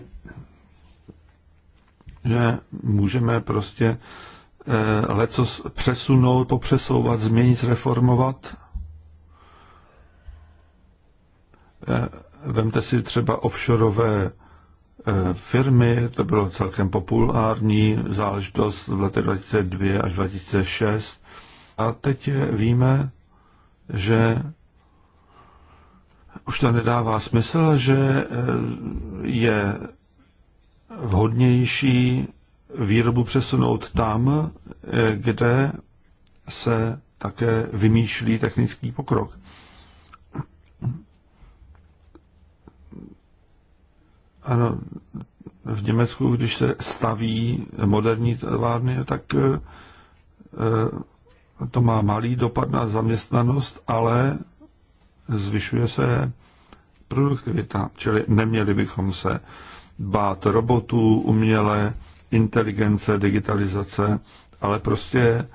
Speaker 3: že můžeme prostě eh, leco přesunout, popřesouvat, změnit, reformovat. Eh, vemte si třeba offshoreové eh, firmy, to bylo celkem populární záležitost v letech 2002 až 2006. A teď víme, že už to nedává smysl, že eh, je vhodnější výrobu přesunout tam, eh, kde se také vymýšlí technický pokrok. Ano, v Německu, když se staví moderní továrny, tak eh, to má malý dopad na zaměstnanost, ale zvyšuje se produktivita, čili neměli bychom se bát robotů, umělé inteligence, digitalizace, ale prostě eh,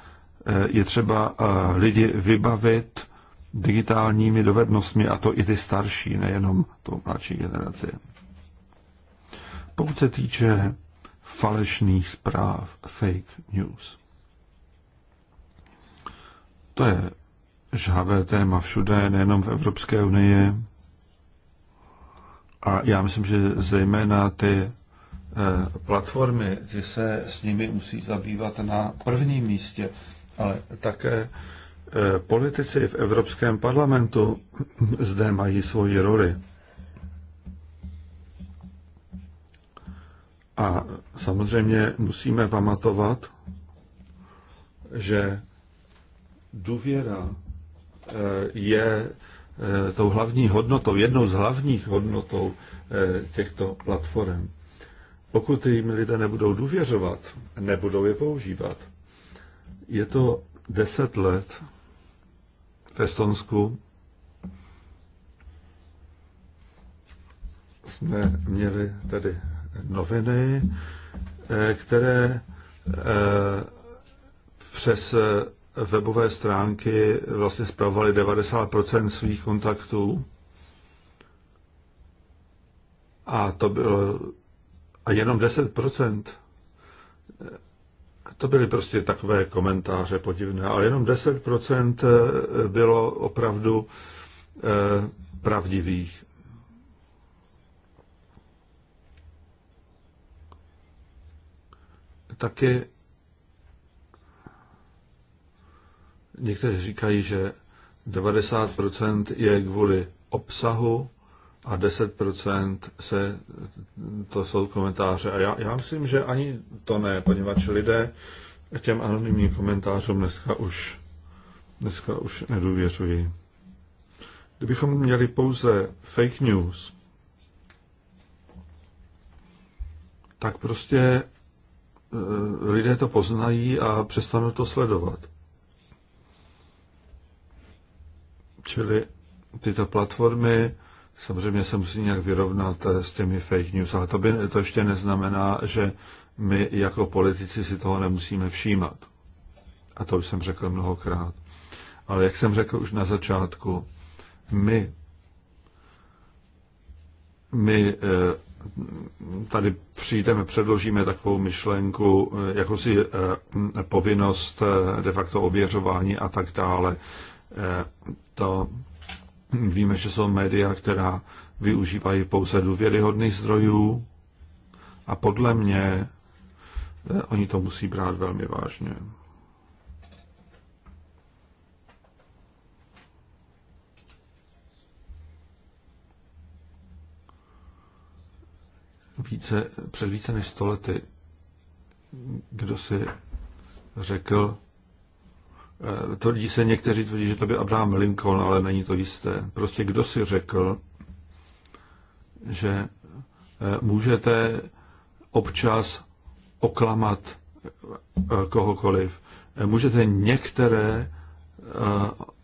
Speaker 3: je třeba eh, lidi vybavit digitálními dovednostmi, a to i ty starší, nejenom tou mladší generaci. Pokud se týče falešných zpráv, fake news. To je žhavé téma všude, nejenom v Evropské unii. A já myslím, že zejména ty eh, platformy, ty se s nimi musí zabývat na prvním místě, ale také eh, politici v Evropském parlamentu zde mají svoji roli. A samozřejmě musíme pamatovat, že důvěra eh, je eh, tou hlavní hodnotou, jednou z hlavních hodnotou eh, těchto platform. Pokud jim lidé nebudou důvěřovat, nebudou je používat. Je to deset let v Estonsku. Jsme měli tady noviny, které přes webové stránky vlastně zpravovaly 90% svých kontaktů. A to bylo a jenom 10%. To byly prostě takové komentáře podivné, ale jenom 10% bylo opravdu eh, pravdivých. Taky Někteří říkají, že 90% je kvůli obsahu a 10% se, to jsou komentáře. A já, já myslím, že ani to ne, poněvadž lidé těm anonymním komentářům dneska už, dneska už nedůvěřují. Kdybychom měli pouze fake news, tak prostě eh, lidé to poznají a přestanou to sledovat. Čili tyto platformy samozřejmě se musí nějak vyrovnat eh, s těmi fake news, ale to, by, to ještě neznamená, že my jako politici si toho nemusíme všímat. A to už jsem řekl mnohokrát. Ale jak jsem řekl už na začátku, my, my eh, tady přijdeme, předložíme takovou myšlenku, eh, jako si povinnost de facto ověřování a tak dále. Eh, to víme, že jsou média, která využívají pouze důvěryhodných zdrojů a podle mě eh, oni to musí brát velmi vážně. Více, před více než stolety, kdo si řekl, Eh, tvrdí se, někteří tvrdí, že to byl Abraham Lincoln, ale není to jisté. Prostě kdo si řekl, že eh, můžete občas oklamat eh, kohokoliv. Můžete některé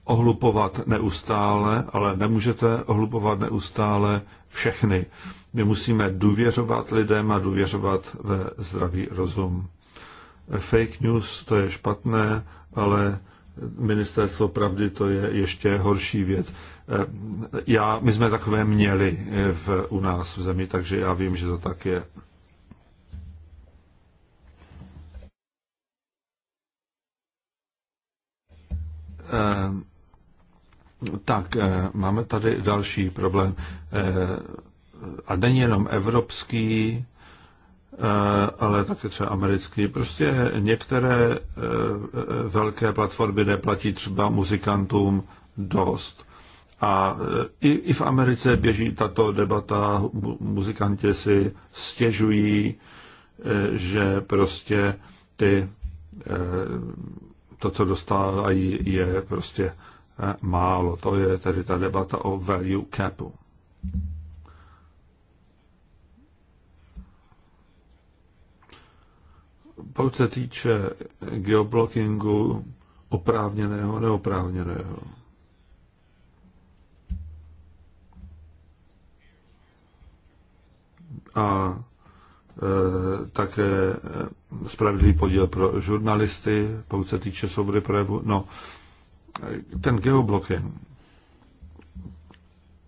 Speaker 3: ohlupovat neustále, ale nemůžete ohlupovat neustále všechny. My musíme důvěřovat lidem a důvěřovat ve zdravý rozum. Fake news to je špatné, ale ministerstvo pravdy to je ještě horší věc. Eh, já, my jsme takové měli eh, v, u nás v zemi, takže já vím, že to tak je. Eh, tak, máme tady další problém. A není jenom evropský, Eh, ale také třeba americký. Prostě některé eh, eh, velké platformy neplatí třeba muzikantům dost. A i, i v Americe běží tato debata, muzikanti si stěžují, že prostě ty, to, co dostávají, je prostě málo. To je tedy ta debata o value capu. pokud se týče geoblockingu oprávněného, neoprávněného. A e, také spravedlivý podíl pro žurnalisty, pokud se týče svobody projevu. No, ten geoblocking,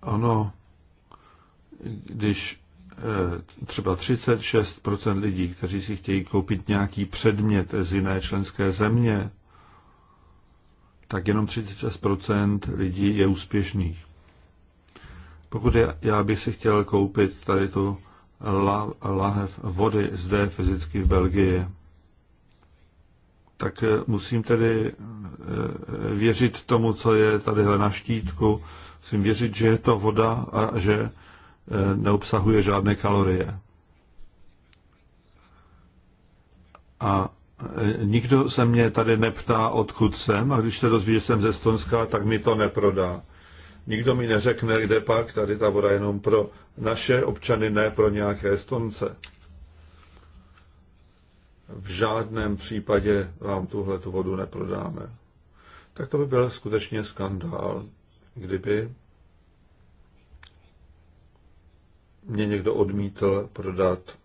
Speaker 3: ono, když Eh, třeba 36% lidí, kteří si chtějí koupit nějaký předmět z jiné členské země, tak jenom 36% lidí je úspěšných. Pokud já bych si chtěl koupit tady tu lahev vody zde fyzicky v Belgii, tak eh, musím tedy eh, věřit tomu, co je tady na štítku. Musím věřit, že je to voda a že Eh, neobsahuje žádné kalorie. A eh, nikdo se mě tady neptá, odkud jsem, a když se dozví, že jsem ze Stonska, tak mi to neprodá. Nikdo mi neřekne, kde pak, tady ta voda jenom pro naše občany, ne pro nějaké Stonce. V žádném případě vám tuhle tu vodu neprodáme. Tak to by byl skutečně skandál, kdyby mě někdo odmítl prodat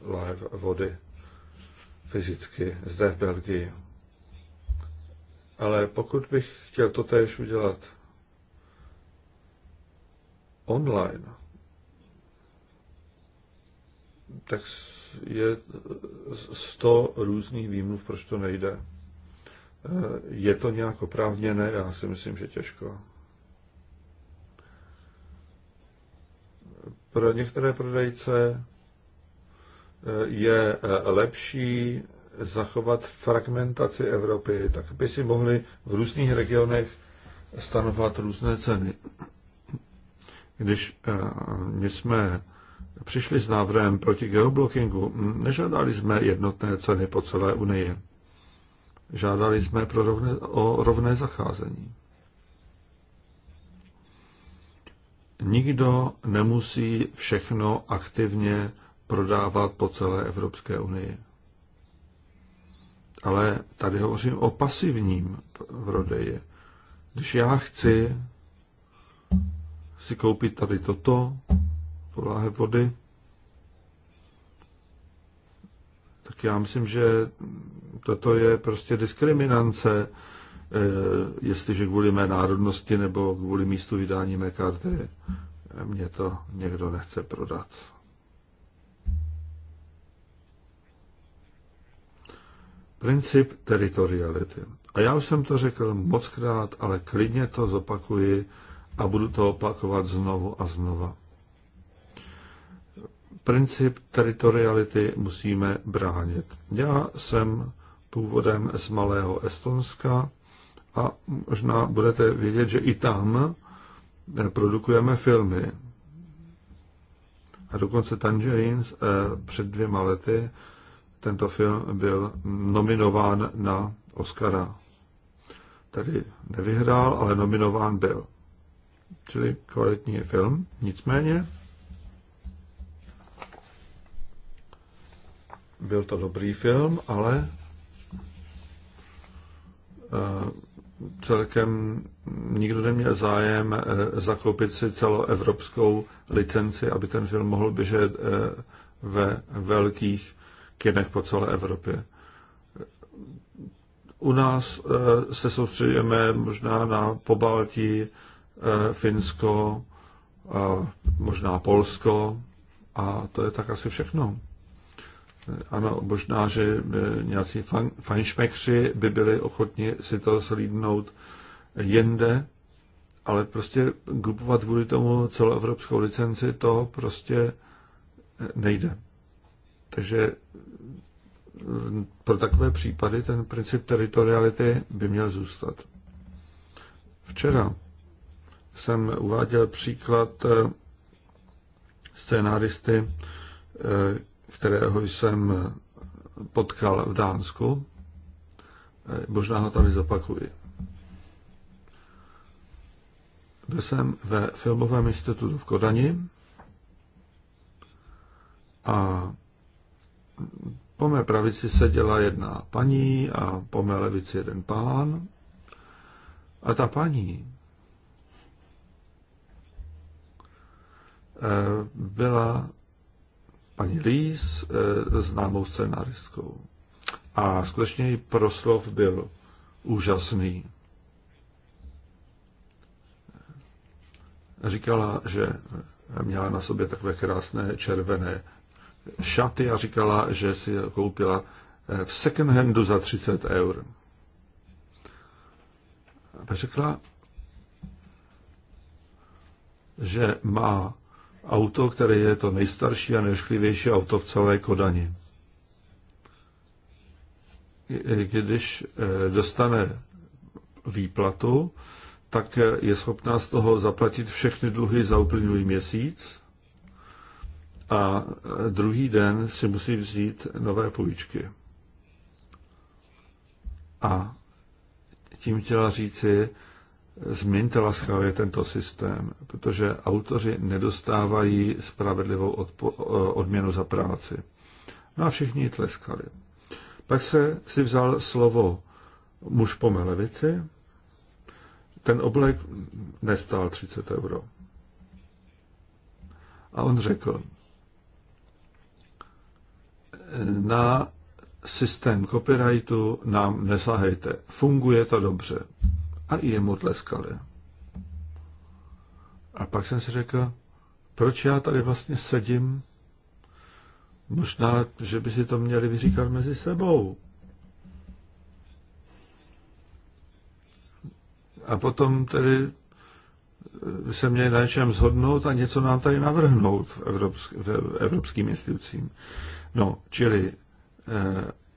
Speaker 3: live vody fyzicky zde v Belgii. Ale pokud bych chtěl to též udělat online, tak je sto různých výmluv, proč to nejde. Je to nějak oprávněné? Já si myslím, že těžko. Pro některé prodejce eh, je eh, lepší zachovat fragmentaci Evropy, tak by si mohli v různých regionech stanovat různé ceny. Když eh, my jsme přišli s návrhem proti geoblockingu, nežádali jsme jednotné ceny po celé Unii. Žádali jsme pro rovné, o rovné zacházení. nikdo nemusí všechno aktivně prodávat po celé Evropské unii. Ale tady hovořím o pasivním prodeji. Když já chci si koupit tady toto, tu láhev vody, tak já myslím, že toto je prostě diskriminace Eh, jestliže kvůli mé národnosti nebo kvůli místu vydání mé karty eh, mě to někdo nechce prodat. Princip teritoriality. A já už jsem to řekl mockrát, ale klidně to zopakuji a budu to opakovat znovu a znova. Princip teritoriality musíme bránit. Já jsem původem z malého Estonska, a možná budete vědět, že i tam eh, produkujeme filmy. A dokonce Tangerines eh, před dvěma lety tento film byl nominován na Oscara. Tady nevyhrál, ale nominován byl. Čili kvalitní je film. Nicméně byl to dobrý film, ale eh, celkem nikdo neměl zájem eh, zakoupit si celoevropskou licenci, aby ten film mohl běžet eh, ve velkých kinech po celé Evropě. U nás eh, se soustředíme možná na Pobaltí, Finsko, možná Polsko a to je tak asi všechno ano, možná, že eh, nějací fanšmekři by byli ochotni si to slídnout jinde, ale prostě grupovat kvůli tomu celoevropskou licenci, to prostě eh, nejde. Takže eh, pro takové případy ten princip teritoriality by měl zůstat. Včera jsem uváděl příklad scénáristy, kterého jsem potkal v Dánsku. Možná ho tady zopakuji. Byl jsem ve Filmovém institutu v Kodani a po mé pravici seděla jedna paní a po mé levici jeden pán. A ta paní eh, byla paní Lees, eh, známou scenáristkou. A skutečně její proslov byl úžasný. Říkala, že měla na sobě takové krásné červené šaty a říkala, že si je koupila eh, v second handu za 30 eur. A řekla, že má auto, které je to nejstarší a nejšklivější auto v celé Kodani. Když eh, dostane výplatu, tak eh, je schopná z toho zaplatit všechny dluhy za uplynulý měsíc a eh, druhý den si musí vzít nové půjčky. A tím chtěla říci, Změňte laskavě tento systém, protože autoři nedostávají spravedlivou odměnu za práci. No a všichni tleskali. Pak se si vzal slovo muž po melevici. Ten oblek nestál 30 euro. A on řekl, na systém copyrightu nám nesahejte. Funguje to dobře a i jemu tleskali. A pak jsem si řekl, proč já tady vlastně sedím? Možná, že by si to měli vyříkat mezi sebou. A potom tedy se měli na něčem zhodnout a něco nám tady navrhnout v, evropsk, v evropským institucím. No, čili e,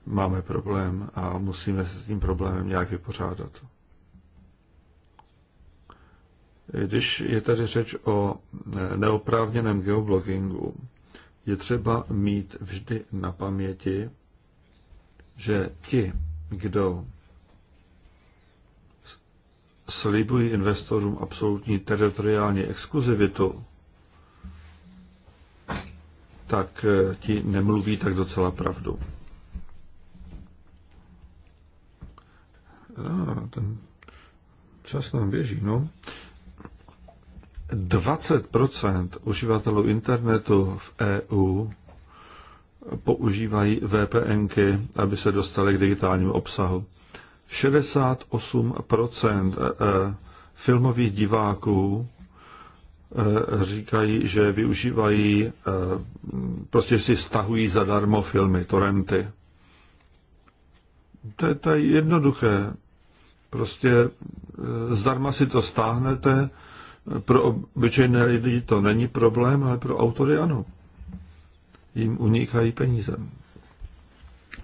Speaker 3: máme problém a musíme se s tím problémem nějak vypořádat. Když je tady řeč o e, neoprávněném geoblockingu, je třeba mít vždy na paměti, že ti, kdo slibují investorům absolutní teritoriální exkluzivitu, tak e, ti nemluví tak docela pravdu. No, ten čas nám běží, no. 20 uživatelů internetu v EU používají VPNky, aby se dostali k digitálnímu obsahu. 68 e, e, filmových diváků e, říkají, že využívají, prostě si stahují zadarmo filmy, torrenty. To je, to je jednoduché. Prostě zdarma si to stáhnete, pro obyčejné lidi to není problém, ale pro autory ano. Jim unikají peníze.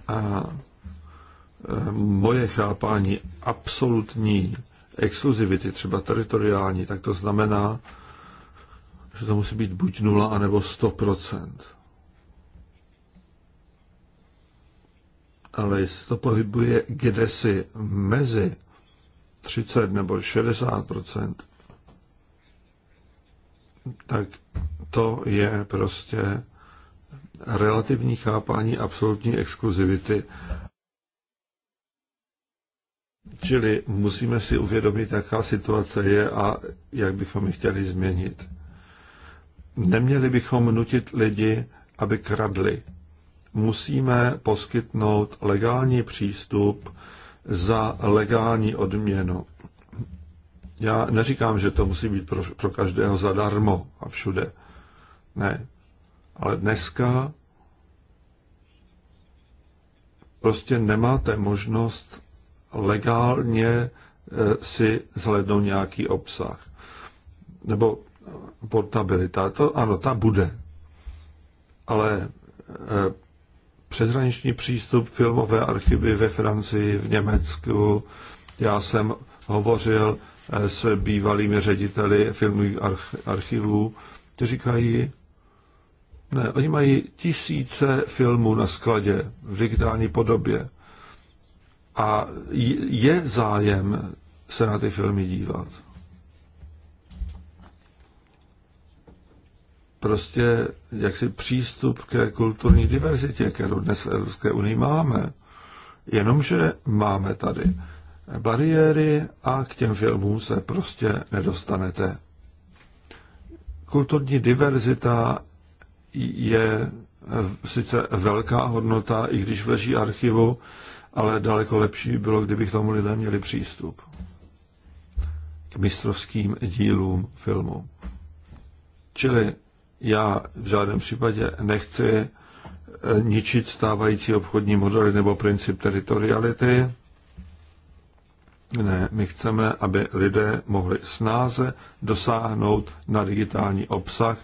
Speaker 3: A e, moje chápání absolutní exkluzivity, třeba teritoriální, tak to znamená, že to musí být buď nula, anebo 100%. Ale jestli to pohybuje kdesi mezi 30 nebo 60%, tak to je prostě relativní chápání absolutní exkluzivity. Čili musíme si uvědomit, jaká situace je a jak bychom ji chtěli změnit. Neměli bychom nutit lidi, aby kradli. Musíme poskytnout legální přístup za legální odměnu. Já neříkám, že to musí být pro, pro každého zadarmo a všude. Ne. Ale dneska prostě nemáte možnost legálně e, si zhlednout nějaký obsah. Nebo portabilita, to ano, ta bude. Ale e, přeshraniční přístup filmové archivy ve Francii, v Německu, já jsem hovořil s bývalými řediteli filmových archivů, kteří říkají, ne, oni mají tisíce filmů na skladě v digitální podobě a je zájem se na ty filmy dívat. Prostě jaksi přístup ke kulturní diverzitě, kterou dnes v Evropské unii máme, jenomže máme tady bariéry a k těm filmům se prostě nedostanete. Kulturní diverzita je sice velká hodnota, i když leží archivu, ale daleko lepší bylo, kdyby k tomu lidé měli přístup k mistrovským dílům filmu. Čili já v žádném případě nechci ničit stávající obchodní modely nebo princip teritoriality, ne, my chceme, aby lidé mohli snáze dosáhnout na digitální obsah,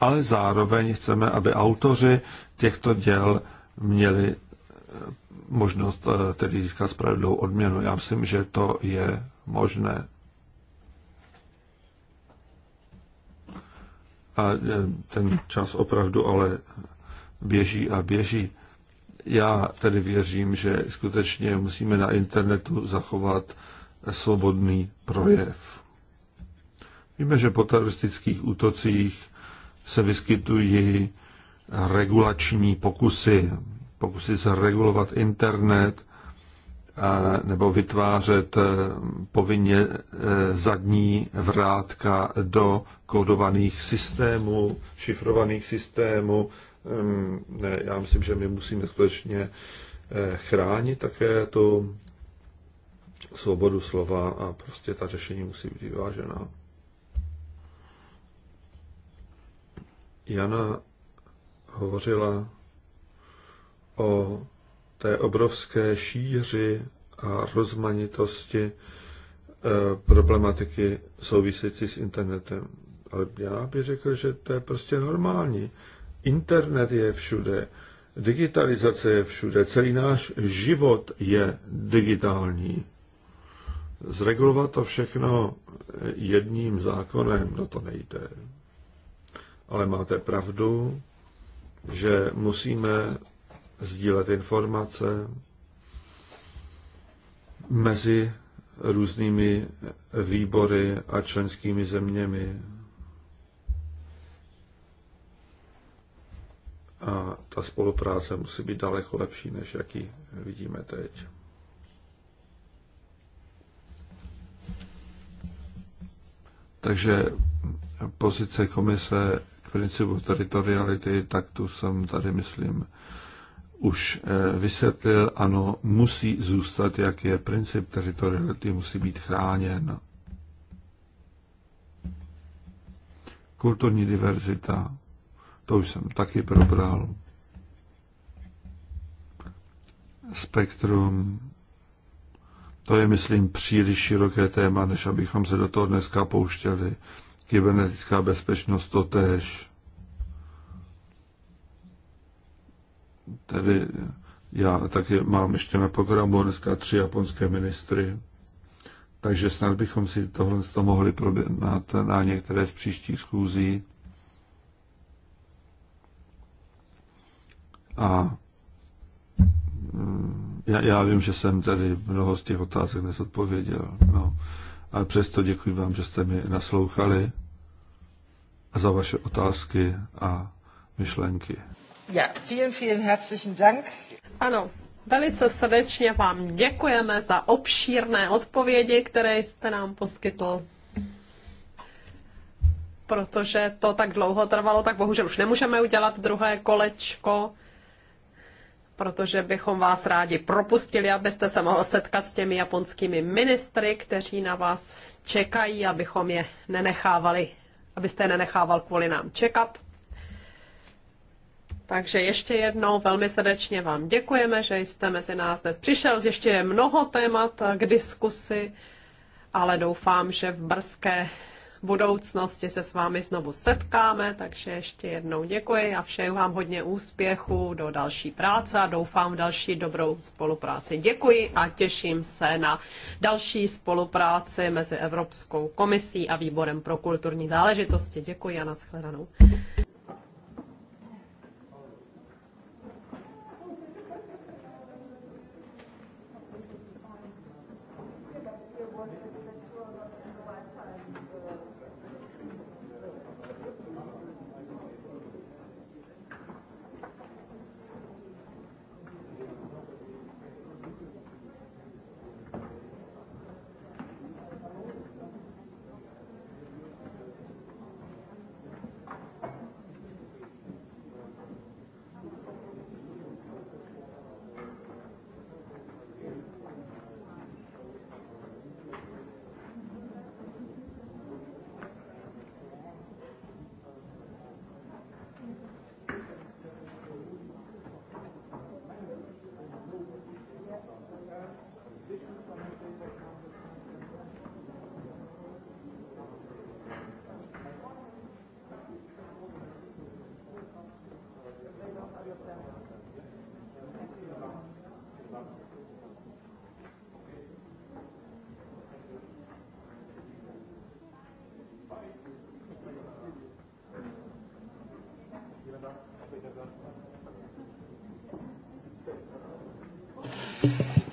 Speaker 3: ale zároveň chceme, aby autoři těchto děl měli eh, možnost eh, tedy získat spravedlivou odměnu. Já myslím, že to je možné. A eh, ten čas opravdu ale běží a běží. Já tedy věřím, že skutečně musíme na internetu zachovat svobodný projev. Víme, že po teroristických útocích se vyskytují regulační pokusy, pokusy zregulovat internet nebo vytvářet eh, povinně eh, zadní vrátka do kódovaných systémů, šifrovaných systémů. Ehm, já myslím, že my musíme skutečně eh, chránit také tu svobodu slova a prostě ta řešení musí být vyvážená. Jana hovořila o té obrovské šíři a rozmanitosti eh, problematiky související s internetem. Ale já bych řekl, že to je prostě normální. Internet je všude, digitalizace je všude, celý náš život je digitální. Zregulovat to všechno jedním zákonem, no to nejde. Ale máte pravdu, že musíme sdílet informace mezi různými výbory a členskými zeměmi. A ta spolupráce musí být daleko lepší, než jaký vidíme teď. Takže pozice komise k principu teritoriality, tak tu jsem tady, myslím, už eh, vysvětlil, ano, musí zůstat, jak je princip teritoriality, musí být chráněn. Kulturní diverzita, to už jsem taky probral. Spektrum to je, myslím, příliš široké téma, než abychom se do toho dneska pouštěli. Kybernetická bezpečnost to tež. Tedy já taky mám ještě na programu dneska tři japonské ministry, takže snad bychom si tohle z toho mohli proběhnout na některé z příštích schůzí. A mm, já, já vím, že jsem tady mnoho z těch otázek nezodpověděl, no. a přesto děkuji vám, že jste mi naslouchali a za vaše otázky a myšlenky.
Speaker 1: Ja, vielen, vielen herzlichen Dank. Ano, velice srdečně vám děkujeme za obšírné odpovědi, které jste nám poskytl protože to tak dlouho trvalo, tak bohužel už nemůžeme udělat druhé kolečko protože bychom vás rádi propustili, abyste se mohl setkat s těmi japonskými ministry, kteří na vás čekají, abychom je nenechávali, abyste je nenechával kvůli nám čekat. Takže ještě jednou velmi srdečně vám děkujeme, že jste mezi nás dnes přišel. Ještě je mnoho témat k diskusi, ale doufám, že v brzké budoucnosti se s vámi znovu setkáme, takže ještě jednou děkuji a všeju vám hodně úspěchu do další práce a doufám v další dobrou spolupráci. Děkuji a těším se na další spolupráci mezi Evropskou komisí a Výborem pro kulturní záležitosti. Děkuji a nashledanou.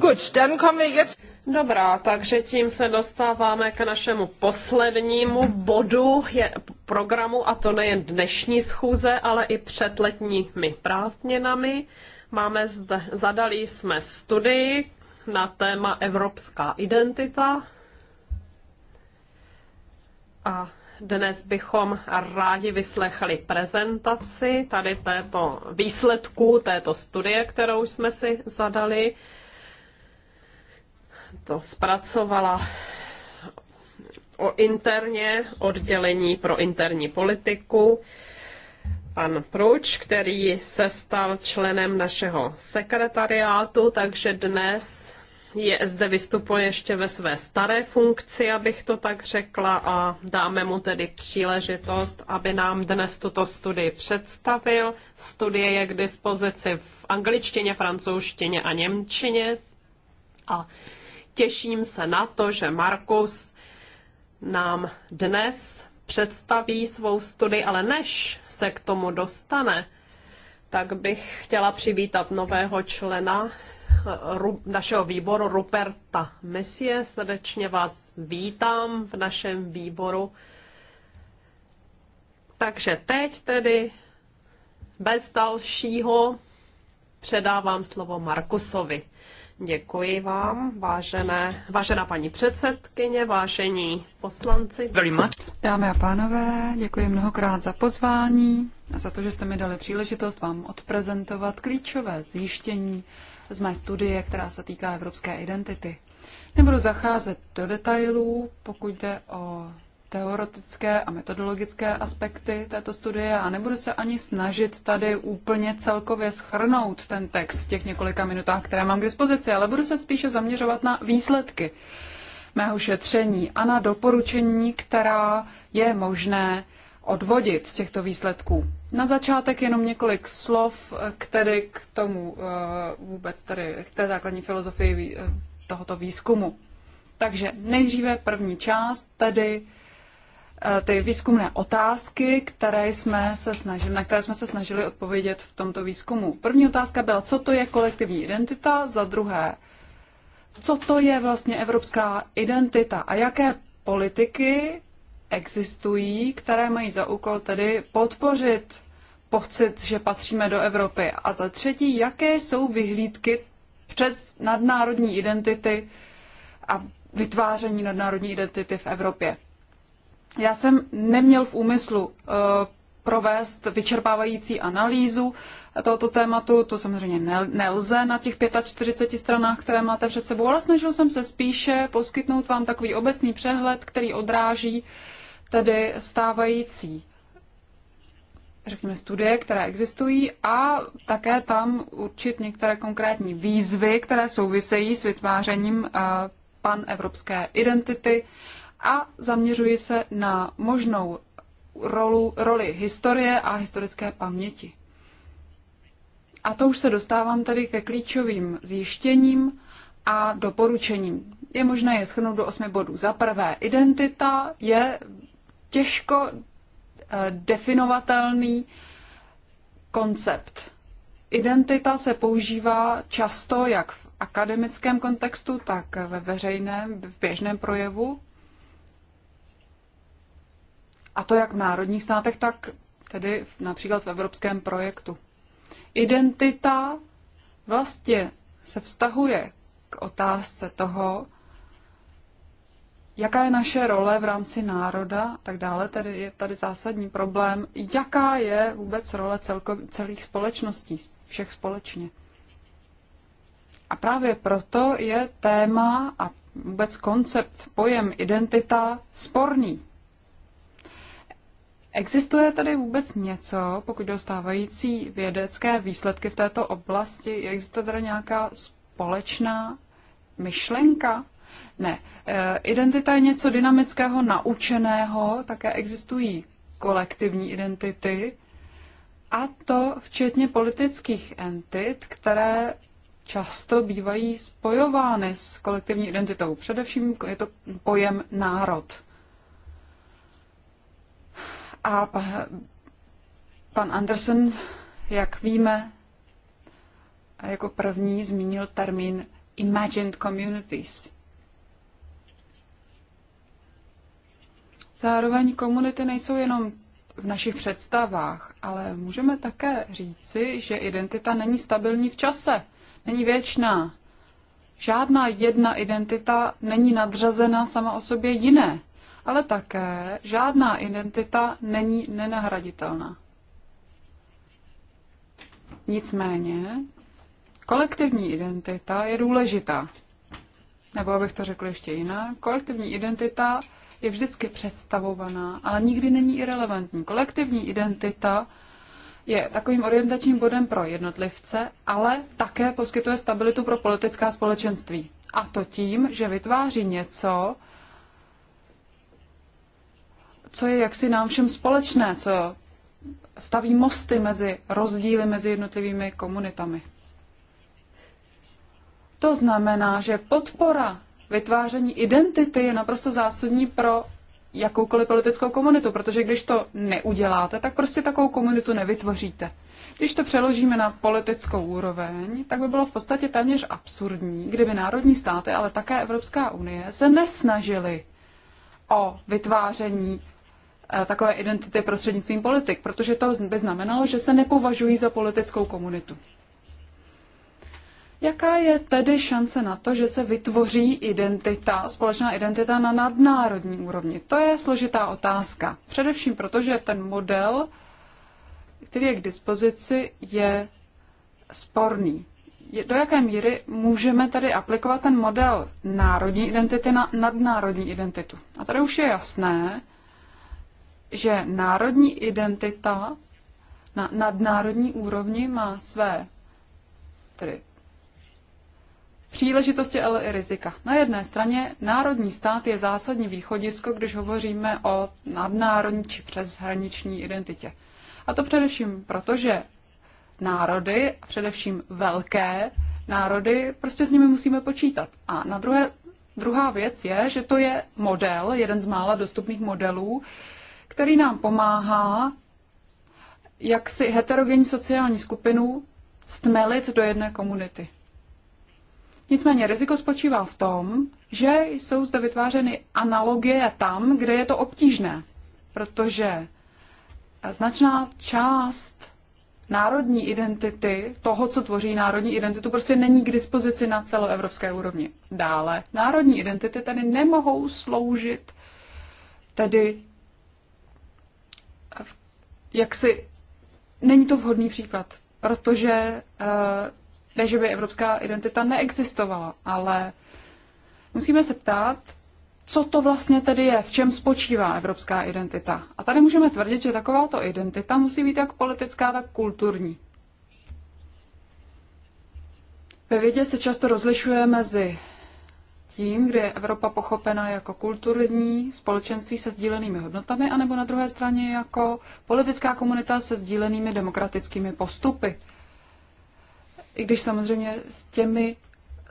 Speaker 1: Gut, dann kommen wir jetzt... Dobrá, takže tím se dostáváme k našemu poslednímu bodu je, programu, a to nejen dnešní schůze, ale i před letními prázdninami. Máme zde, zadali jsme studii na téma Evropská identita. A dnes bychom rádi vyslechli prezentaci tady této výsledku této studie, kterou jsme si zadali to zpracovala o interně oddělení pro interní politiku. Pan Pruč, který se stal členem našeho sekretariátu, takže dnes je zde vystupuje ještě ve své staré funkci, abych to tak řekla, a dáme mu tedy příležitost, aby nám dnes tuto studii představil. Studie je k dispozici v angličtině, francouzštině a němčině. A Těším se na to, že Markus nám dnes představí svou studii, ale než se k tomu dostane, tak bych chtěla přivítat nového člena eh, našeho výboru Ruperta Messie. Srdečně vás vítám v našem výboru. Takže teď tedy bez dalšího předávám slovo Markusovi. Děkuji vám, vážené, vážená paní předsedkyně, vážení poslanci. Very much.
Speaker 2: Dámy a pánové, děkuji mnohokrát za pozvání a za to, že jste mi dali příležitost vám odprezentovat klíčové zjištění z mé studie, která se týká evropské identity. Nebudu zacházet do detailů, pokud jde o teoretické a metodologické aspekty této studie a nebudu se ani snažit tady úplně celkově schrnout ten text v těch několika minutách, které mám k dispozici, ale budu se spíše zaměřovat na výsledky mého šetření a na doporučení, která je možné odvodit z těchto výsledků. Na začátek jenom několik slov k, tedy k tomu eh, vůbec tedy k té základní filozofii eh, tohoto výzkumu. Takže nejdříve první část, tedy Eh, ty výzkumné otázky, které jsme se snažili, na které jsme se snažili odpovědět v tomto výzkumu. První otázka byla, co to je kolektivní identita, za druhé, co to je vlastně evropská identita a jaké politiky existují, které mají za úkol tedy podpořit pocit, že patříme do Evropy. A za třetí, jaké jsou vyhlídky přes nadnárodní identity a vytváření nadnárodní identity v Evropě. Já jsem neměl v úmyslu uh, provést
Speaker 3: vyčerpávající
Speaker 2: analýzu tohoto tématu. To samozřejmě nelze na těch 45 stranách, které máte před sebou, ale snažil jsem se spíše poskytnout vám takový obecný přehled, který odráží tedy stávající řekněme, studie, které existují a také tam určit některé konkrétní výzvy, které souvisejí s vytvářením uh, pan evropské identity a zaměřuji se na možnou rolu, roli historie a historické paměti. A to už se dostávám tedy ke klíčovým zjištěním a doporučením. Je možné je schrnout do osmi bodů. Za prvé, identita je těžko eh, definovatelný koncept. Identita se používá často jak v akademickém kontextu, tak ve veřejném, v běžném projevu a to jak v národních státech, tak tedy například v evropském projektu. Identita vlastně se vztahuje k otázce toho, jaká je naše role v rámci národa a tak dále. Tady je tady zásadní problém, jaká je vůbec role celko, celých společností, všech společně. A právě proto je téma a vůbec koncept, pojem identita sporný. Existuje tady vůbec něco, pokud dostávající vědecké výsledky v této oblasti? Existuje tady nějaká společná myšlenka? Ne. E, identita je něco dynamického, naučeného, také existují kolektivní identity, a to včetně politických entit, které často bývají spojovány s kolektivní identitou. Především je to pojem národ. A pan Anderson, jak víme, jako první zmínil termín imagined communities. Zároveň komunity nejsou jenom v našich představách, ale můžeme také říci, že identita není stabilní v čase, není věčná. Žádná jedna identita není nadřazena sama o sobě jiné ale také žádná identita není nenahraditelná. Nicméně, kolektivní identita je důležitá. Nebo abych to řekl ještě jinak, kolektivní identita je vždycky představovaná, ale nikdy není irrelevantní. Kolektivní identita je takovým orientačním bodem pro jednotlivce, ale také poskytuje stabilitu pro politická společenství. A to tím, že vytváří něco, co je jaksi nám všem společné, co staví mosty mezi rozdíly mezi jednotlivými komunitami. To znamená, že podpora vytváření identity je naprosto zásadní pro jakoukoliv politickou komunitu, protože když to neuděláte, tak prostě takovou komunitu nevytvoříte. Když to přeložíme na politickou úroveň, tak by bylo v podstatě téměř absurdní, kdyby národní státy, ale také Evropská unie se nesnažili o vytváření Eh, takové identity prostřednictvím politik, protože to by znamenalo, že se nepovažují za politickou komunitu. Jaká je tedy šance na to, že se vytvoří identita, společná identita na nadnárodní úrovni? To je složitá otázka. Především proto, že ten model, který je k dispozici, je sporný. Do jaké míry můžeme tady aplikovat ten model národní identity na nadnárodní identitu? A tady už je jasné, že národní identita na nadnárodní úrovni má své tedy příležitosti, ale i rizika. Na jedné straně národní stát je zásadní východisko, když hovoříme o nadnárodní či přeshraniční identitě. A to především proto, že národy, a především velké národy, prostě s nimi musíme počítat. A na druhé, druhá věc je, že to je model, jeden z mála dostupných modelů, který nám pomáhá jak si heterogenní sociální skupinu stmelit do jedné komunity. Nicméně riziko spočívá v tom, že jsou zde vytvářeny analogie tam, kde je to obtížné, protože značná část národní identity, toho, co tvoří národní identitu, prostě není k dispozici na celoevropské úrovni. Dále, národní identity tedy nemohou sloužit tedy jaksi není to vhodný příklad, protože eh, ne, že by evropská identita neexistovala, ale musíme se ptát, co to vlastně tedy je, v čem spočívá evropská identita. A tady můžeme tvrdit, že takováto identita musí být jak politická, tak kulturní. Ve vědě se často rozlišuje mezi tím, kde je Evropa pochopena jako kulturní společenství se sdílenými hodnotami, anebo na druhé straně jako politická komunita se sdílenými demokratickými postupy. I když samozřejmě s těmi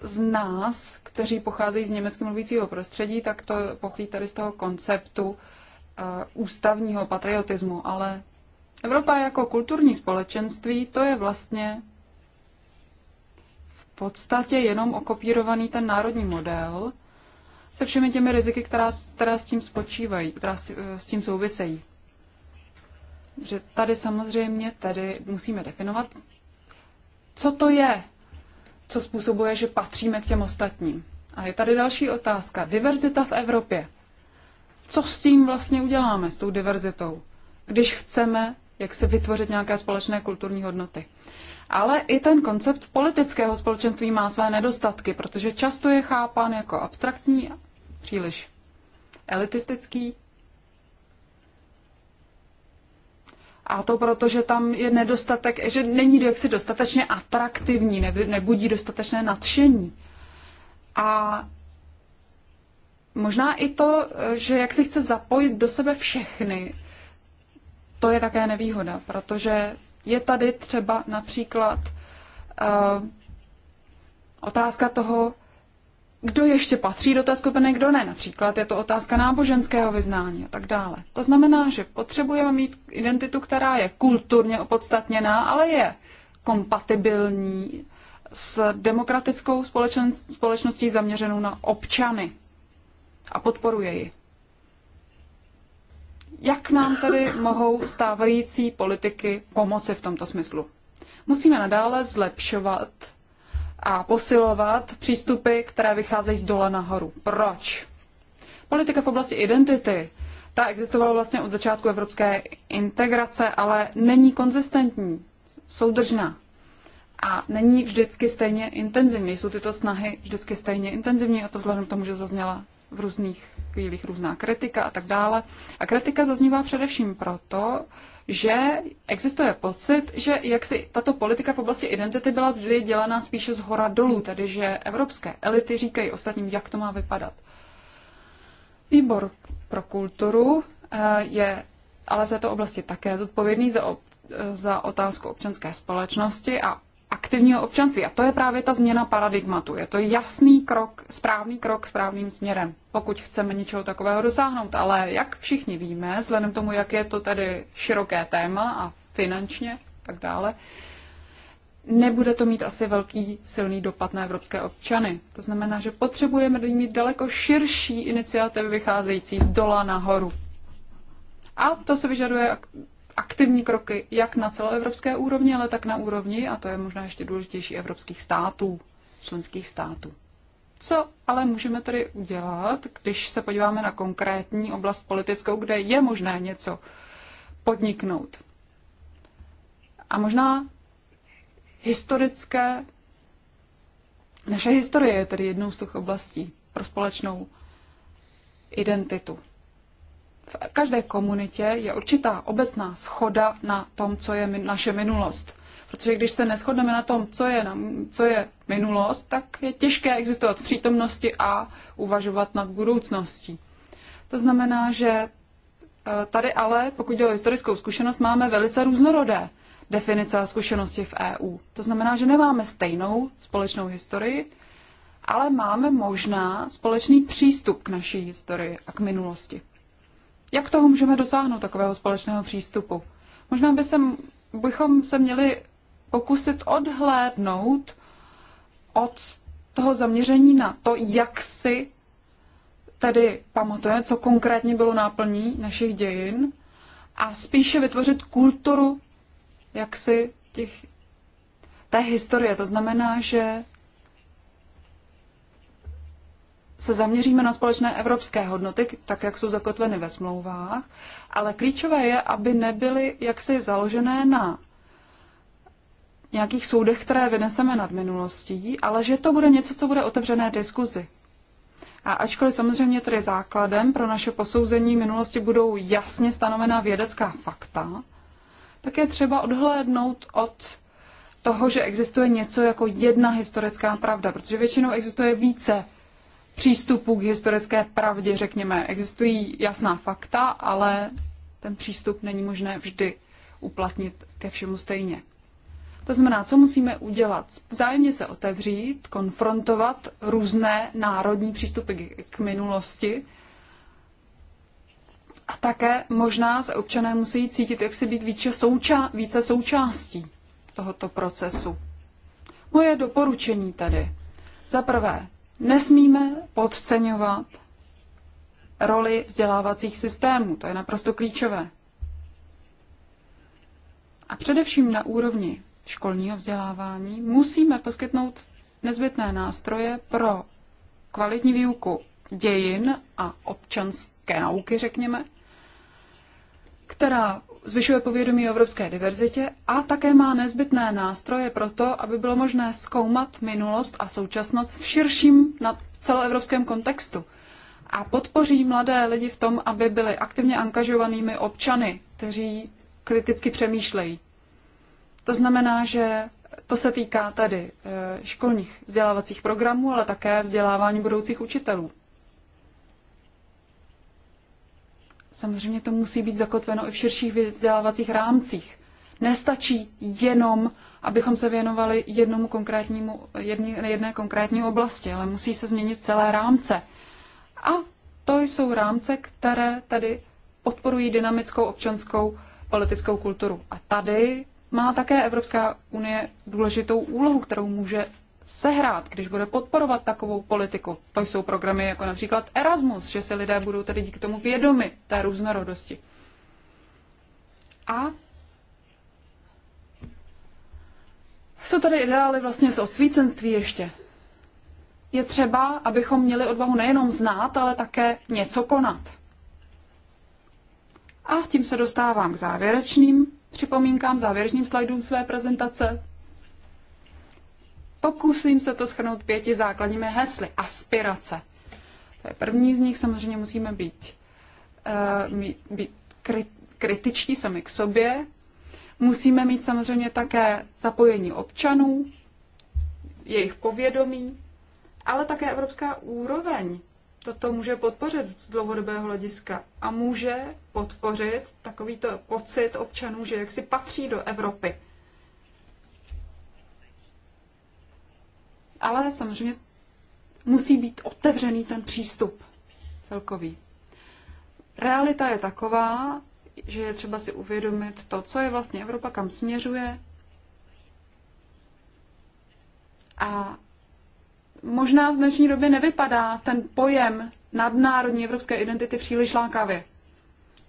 Speaker 2: z nás, kteří pocházejí z německy mluvícího prostředí, tak to pochází tady z toho konceptu eh, ústavního patriotismu, ale Evropa jako kulturní společenství, to je vlastně podstatě jenom okopírovaný ten národní model se všemi těmi riziky, která, která s tím spočívají, která s, eh, tím souvisejí. Že tady samozřejmě tady musíme definovat, co to je, co způsobuje, že patříme k těm ostatním. A je tady další otázka. Diverzita v Evropě. Co s tím vlastně uděláme, s tou diverzitou, když chceme, jak se vytvořit nějaké společné kulturní hodnoty? ale i ten koncept politického společenství má své nedostatky, protože často je chápán jako abstraktní, příliš elitistický. A to proto, že tam je nedostatek, že není jaksi dostatečně atraktivní, nebudí dostatečné nadšení. A možná i to, že jak si chce zapojit do sebe všechny, to je také nevýhoda, protože je tady třeba například uh, otázka toho, kdo ještě patří do té skupiny, kdo ne. Například je to otázka náboženského vyznání a tak dále. To znamená, že potřebujeme mít identitu, která je kulturně opodstatněná, ale je kompatibilní s demokratickou společností zaměřenou na občany a podporuje ji. Jak nám tedy mohou stávající politiky pomoci v tomto smyslu? Musíme nadále zlepšovat a posilovat přístupy, které vycházejí z dole nahoru. Proč? Politika v oblasti identity, ta existovala vlastně od začátku evropské integrace, ale není konzistentní, soudržná a není vždycky stejně intenzivní. Jsou tyto snahy vždycky stejně intenzivní a to vzhledem k tomu, že zazněla v různých chvílích různá kritika a tak dále. A kritika zaznívá především proto, že existuje pocit, že jak si tato politika v oblasti identity byla vždy dělaná spíše z hora dolů, tedy že evropské elity říkají ostatním, jak to má vypadat. Výbor pro kulturu eh, je ale za to oblasti také zodpovědný za, za otázku občanské společnosti a aktivního občanství. A to je právě ta změna paradigmatu. Je to jasný krok, správný krok správným směrem, pokud chceme něčeho takového dosáhnout. Ale jak všichni víme, vzhledem tomu, jak je to tedy široké téma a finančně a tak dále, nebude to mít asi velký silný dopad na evropské občany. To znamená, že potřebujeme mít daleko širší iniciativy vycházející z dola nahoru. A to se vyžaduje aktivní kroky jak na celoevropské úrovni, ale tak na úrovni, a to je možná ještě důležitější, evropských států, členských států. Co ale můžeme tedy udělat, když se podíváme na konkrétní oblast politickou, kde je možné něco podniknout? A možná historické, naše historie je tedy jednou z těch oblastí pro společnou identitu. V každé komunitě je určitá obecná schoda na tom, co je naše minulost. Protože když se neschodneme na tom, co je, co je minulost, tak je těžké existovat v přítomnosti a uvažovat nad budoucností. To znamená, že e, tady ale, pokud jde o historickou zkušenost, máme velice různorodé definice a zkušenosti v EU. To znamená, že nemáme stejnou společnou historii, ale máme možná společný přístup k naší historii a k minulosti. Jak toho můžeme dosáhnout, takového společného přístupu? Možná by se, bychom se měli pokusit odhlédnout od toho zaměření na to, jak si tedy pamatuje, co konkrétně bylo náplní našich dějin a spíše vytvořit kulturu jaksi těch, té historie. To znamená, že se zaměříme na společné evropské hodnoty, tak jak jsou zakotveny ve smlouvách, ale klíčové je, aby nebyly jaksi založené na nějakých soudech, které vyneseme nad minulostí, ale že to bude něco, co bude otevřené diskuzi. A ačkoliv samozřejmě tedy základem pro naše posouzení minulosti budou jasně stanovená vědecká fakta, tak je třeba odhlédnout od toho, že existuje něco jako jedna historická pravda, protože většinou existuje více přístupu k historické pravdě, řekněme. Existují jasná fakta, ale ten přístup není možné vždy uplatnit ke všemu stejně. To znamená, co musíme udělat? Vzájemně se otevřít, konfrontovat různé národní přístupy k minulosti a také možná se občané musí cítit, jak si být více, souča- více součástí tohoto procesu. Moje doporučení tedy. Za prvé, Nesmíme podceňovat roli vzdělávacích systémů. To je naprosto klíčové. A především na úrovni školního vzdělávání musíme poskytnout nezbytné nástroje pro kvalitní výuku dějin a občanské nauky, řekněme, která zvyšuje povědomí o evropské diverzitě a také má nezbytné nástroje pro to, aby bylo možné zkoumat minulost a současnost v širším na celoevropském kontextu. A podpoří mladé lidi v tom, aby byli aktivně angažovanými občany, kteří kriticky přemýšlejí. To znamená, že to se týká tedy eh, školních vzdělávacích programů, ale také vzdělávání budoucích učitelů. Samozřejmě to musí být zakotveno i v širších vzdělávacích rámcích. Nestačí jenom, abychom se věnovali jednomu konkrétnímu, jedné, jedné konkrétní oblasti, ale musí se změnit celé rámce. A to jsou rámce, které tady podporují dynamickou občanskou politickou kulturu. A tady má také Evropská unie důležitou úlohu, kterou může sehrát, když bude podporovat takovou politiku. To jsou programy jako například Erasmus, že se lidé budou tedy díky tomu vědomi té různorodosti. A jsou tady ideály vlastně z odsvícenství ještě. Je třeba, abychom měli odvahu nejenom znát, ale také něco konat. A tím se dostávám k závěrečným připomínkám, závěrečným slajdům své prezentace. Pokusím se to schrnout pěti základními hesly. Aspirace. To je první z nich. Samozřejmě musíme být, uh, být kritičtí sami k sobě. Musíme mít samozřejmě také zapojení občanů, jejich povědomí, ale také evropská úroveň toto může podpořit z dlouhodobého hlediska a může podpořit takovýto pocit občanů, že jaksi patří do Evropy. ale samozřejmě musí být otevřený ten přístup celkový. Realita je taková, že je třeba si uvědomit to, co je vlastně Evropa, kam směřuje. A možná v dnešní době nevypadá ten pojem nadnárodní evropské identity příliš lákavě.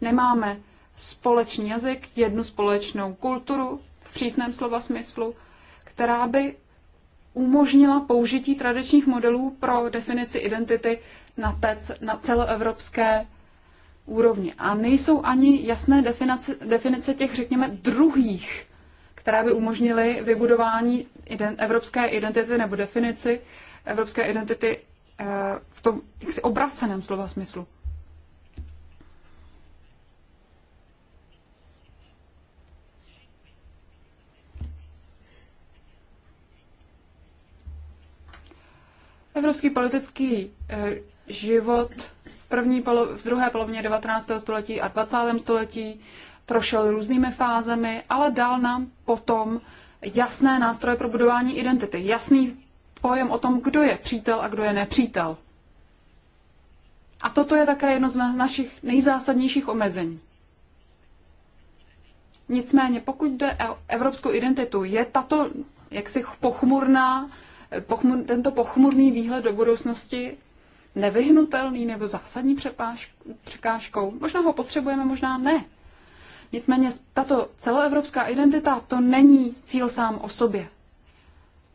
Speaker 2: Nemáme společný jazyk, jednu společnou kulturu v přísném slova smyslu, která by umožnila použití tradičních modelů pro definici identity na, na celoevropské úrovni. A nejsou ani jasné definice, definice těch, řekněme, druhých, které by umožnily vybudování ident, evropské identity nebo definici evropské identity eh, v tom jaksi obráceném slova smyslu. Evropský politický eh, život v, první polo- v druhé polovině 19. století a 20. století prošel různými fázemi, ale dal nám potom jasné nástroje pro budování identity, jasný pojem o tom, kdo je přítel a kdo je nepřítel. A toto je také jedno z na našich nejzásadnějších omezení. Nicméně, pokud jde o evropskou identitu, je tato jaksi pochmurná pochmur, tento pochmurný výhled do budoucnosti nevyhnutelný nebo zásadní překážkou? Možná ho potřebujeme, možná ne. Nicméně tato celoevropská identita to není cíl sám o sobě.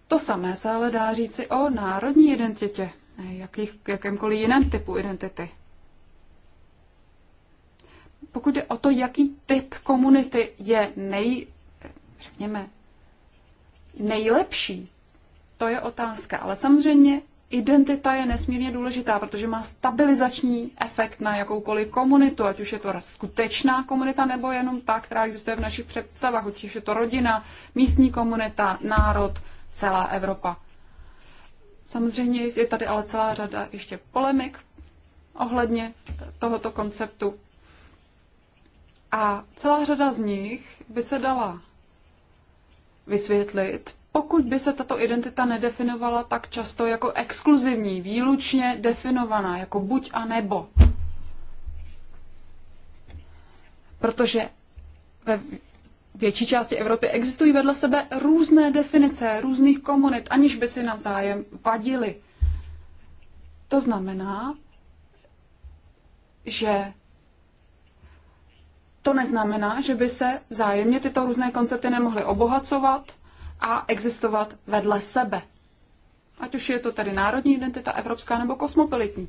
Speaker 2: To samé se ale dá říci o národní identitě, jakých, jakémkoliv jiném typu identity. Pokud jde o to, jaký typ komunity je nej, řekněme, nejlepší, to je otázka. Ale samozřejmě identita je nesmírně důležitá, protože má stabilizační efekt na jakoukoliv komunitu, ať už je to skutečná komunita nebo jenom ta, která existuje v našich představách, ať už je to rodina, místní komunita, národ, celá Evropa. Samozřejmě je tady ale celá řada ještě polemik ohledně tohoto konceptu. A celá řada z nich by se dala vysvětlit pokud by se tato identita nedefinovala tak často jako exkluzivní, výlučně definovaná, jako buď a nebo. Protože ve větší části Evropy existují vedle sebe různé definice různých komunit, aniž by si navzájem vadili. To znamená, že to neznamená, že by se vzájemně tyto různé koncepty nemohly obohacovat, a existovat vedle sebe. Ať už je to tedy národní identita, evropská nebo kosmopolitní.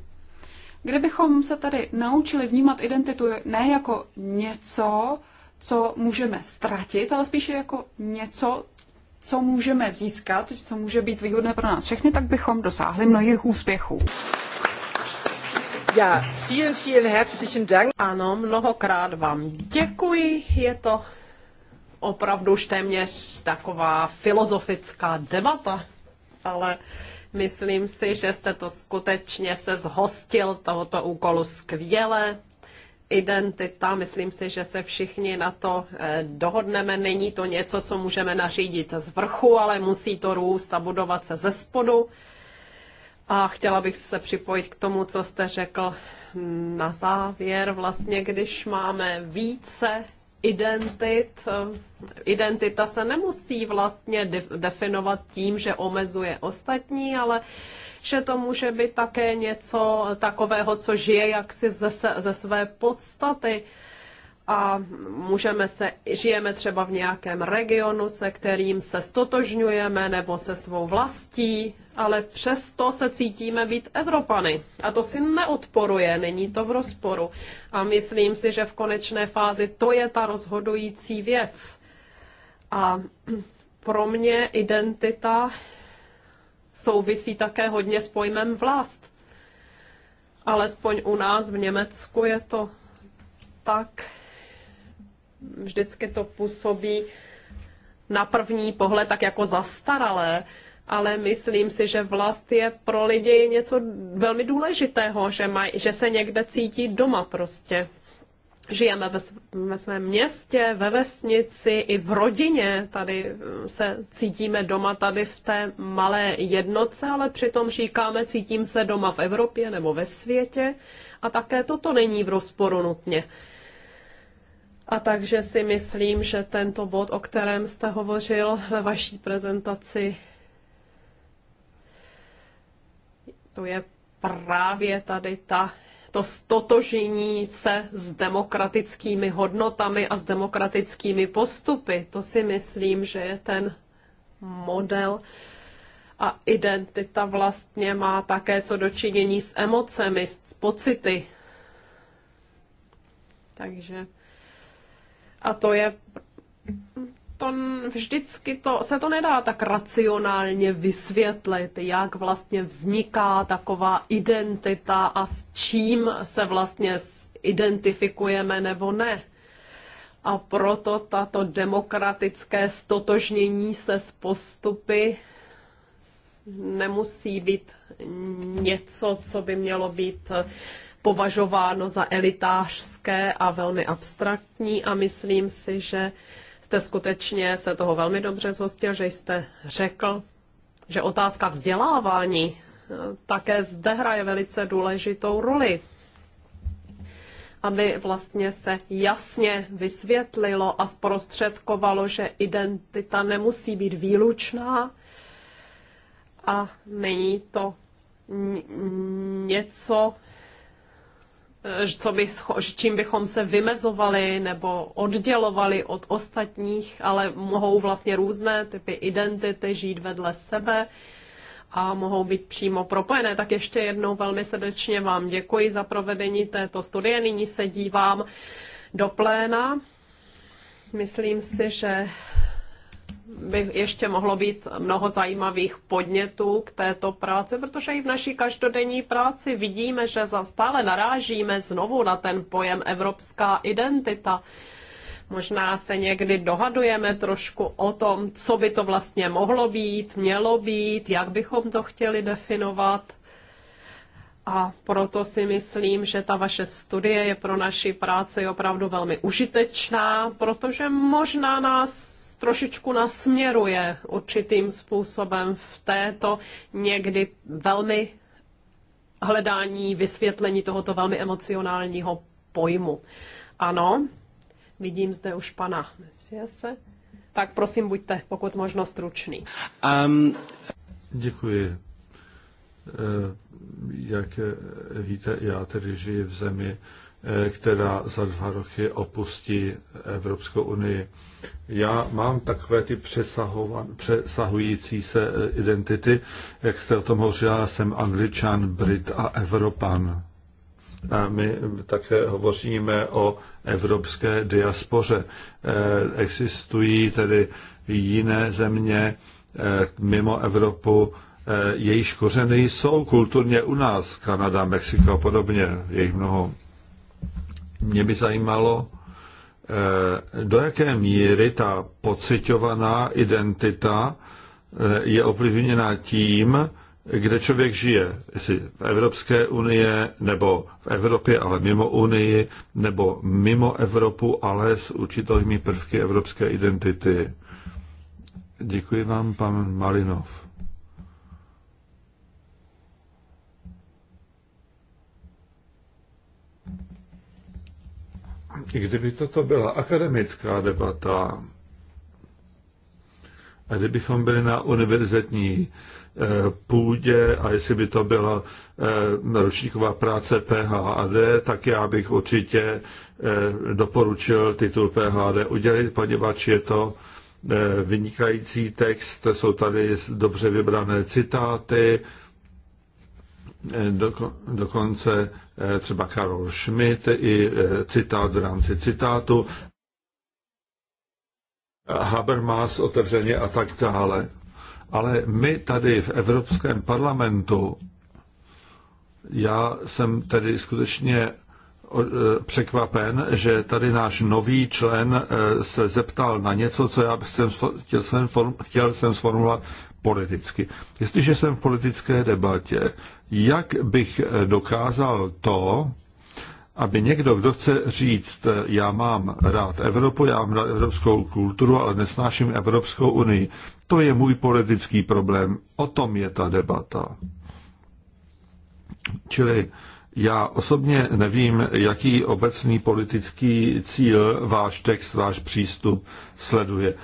Speaker 2: Kdybychom se tady naučili vnímat identitu ne jako něco, co můžeme ztratit, ale spíše jako něco, co můžeme získat, co může být výhodné pro nás všechny, tak bychom dosáhli mnohých úspěchů.
Speaker 1: Ja, vielen, vielen herzlichen Dank. Ano, mnohokrát vám děkuji. Je to opravdu už téměř taková filozofická debata, ale myslím si, že jste to skutečně se zhostil tohoto úkolu skvěle. Identita, myslím si, že se všichni na to eh, dohodneme. Není to něco, co můžeme nařídit z vrchu, ale musí to růst a budovat se ze spodu. A chtěla bych se připojit k tomu, co jste řekl na závěr. Vlastně, když máme více identit, eh, identita se nemusí vlastně definovat tím, že omezuje ostatní, ale že to může být také něco takového, co žije jaksi ze, ze své podstaty. Uh, a můžeme se, žijeme třeba v nějakém regionu, se kterým se stotožňujeme nebo se svou vlastí, ale přesto se cítíme být Evropany. A to si neodporuje, není to v rozporu. A myslím si, že v konečné fázi to je ta rozhodující věc. A pro mě identita souvisí také hodně s pojmem vlast. Alespoň u nás v Německu je to tak, vždycky to působí na první pohled tak jako zastaralé, ale myslím si, že vlast je pro lidi něco velmi důležitého, že, maj, že se někde cítí doma prostě. Žijeme ve, ve svém městě, ve vesnici, i v rodině. Tady eh, se cítíme doma tady v té malé jednotce, ale přitom říkáme, cítím se doma v Evropě nebo ve světě. A také toto není v rozporu nutně. Uh, a takže si myslím, že tento bod, o kterém jste hovořil ve vaší prezentaci, to je právě tady ta, to stotožení se s demokratickými hodnotami a s demokratickými postupy. To si myslím, že je ten model, a identita vlastně má také co dočinění s emocemi, s pocity. Takže a to je to vždycky to, se to nedá tak racionálně vysvětlit, jak vlastně vzniká taková identita a s čím se vlastně identifikujeme nebo ne. A proto tato demokratické stotožnění se s postupy nemusí být něco, co by mělo být považováno za elitářské a velmi abstraktní a myslím si, že jste skutečně se toho velmi dobře zhostil, že jste řekl, že otázka vzdělávání eh, také zde hraje velice důležitou roli, aby vlastně se jasně vysvětlilo a zprostředkovalo, že identita nemusí být výlučná a není to něco, Eh, co by, čím bychom se vymezovali nebo oddělovali od ostatních, ale mohou vlastně různé typy identity žít vedle sebe a mohou být přímo propojené. Tak ještě jednou velmi srdečně vám děkuji za provedení této studie. Nyní se dívám do pléna. Myslím si, že by ještě mohlo být mnoho zajímavých podnětů k této práci, protože i v naší každodenní práci vidíme, že za stále narážíme znovu na ten pojem evropská identita. Možná se někdy dohadujeme trošku o tom, co by to vlastně mohlo být, mělo být, jak bychom to chtěli definovat. A proto si myslím, že ta vaše studie je pro naši práci opravdu velmi užitečná, protože možná nás trošičku nasměruje určitým způsobem v této někdy velmi hledání vysvětlení tohoto velmi emocionálního pojmu. Ano, vidím zde už pana Mesiase. Tak prosím, buďte pokud možno stručný.
Speaker 3: Um... Děkuji. Eh, jak víte, já tedy žiji v zemi, Eh, která za dva roky opustí Evropskou unii. Já mám takové ty přesahující se eh, identity, jak jste o tom hovořila, jsem angličan, brit a evropan. A my také hovoříme o evropské diaspoře. Eh, existují tedy jiné země mimo Evropu, jejíž kořeny jsou kulturně u nás, Kanada, Mexiko a podobně, je jich mnoho. Mě by zajímalo, eh, do jaké míry ta pocitovaná identita eh, je ovlivněna tím, kde člověk žije, jestli v Evropské unie nebo v Evropě, ale mimo unii, nebo mimo Evropu, ale s určitými prvky evropské identity. Děkuji vám, pan Malinov. kdyby toto byla akademická debata a kdybychom byli na univerzitní eh, půdě a jestli by to byla eh, ročníková práce PHD, tak já bych určitě eh, doporučil titul PHD udělit, poněvadž je to vynikající text, jsou tady dobře vybrané citáty, Doko, dokonce eh, třeba Karol Schmidt i eh, citát v rámci citátu, Habermas otevřeně a tak dále. Ale my tady v Evropském parlamentu, já jsem tedy skutečně eh, překvapen, že tady náš nový člen se zeptal na něco, co já jsem chtěl, jsem, chtěl jsem sformulovat politicky. Jestliže jsem v politické debatě, jak bych eh, dokázal to, aby někdo, kdo chce říct, eh, já mám rád Evropu, já mám rád evropskou kulturu, ale nesnáším Evropskou unii, to je můj politický problém. O tom je ta debata. Čili já osobně nevím, jaký obecný politický cíl váš text, váš přístup sleduje.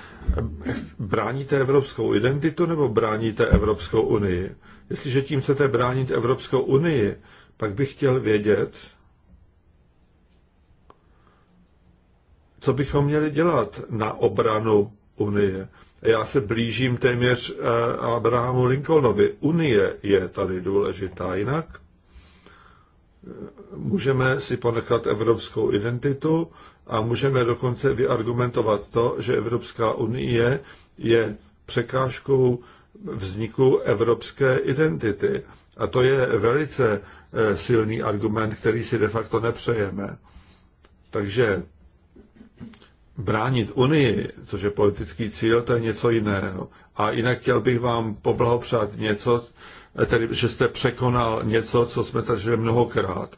Speaker 3: Bráníte evropskou identitu nebo bráníte Evropskou unii? Jestliže tím chcete bránit Evropskou unii, pak bych chtěl vědět, co bychom měli dělat na obranu Unie. Já se blížím téměř eh, Abrahamu Lincolnovi. Unie je tady důležitá, jinak můžeme si ponechat evropskou identitu a můžeme dokonce vyargumentovat to, že Evropská unie je překážkou vzniku evropské identity. A to je velice eh, silný argument, který si de facto nepřejeme. Takže bránit Unii, což je politický cíl, to je něco jiného. A jinak chtěl bych vám poblahopřát něco, tedy, že jste překonal něco, co jsme tažili mnohokrát.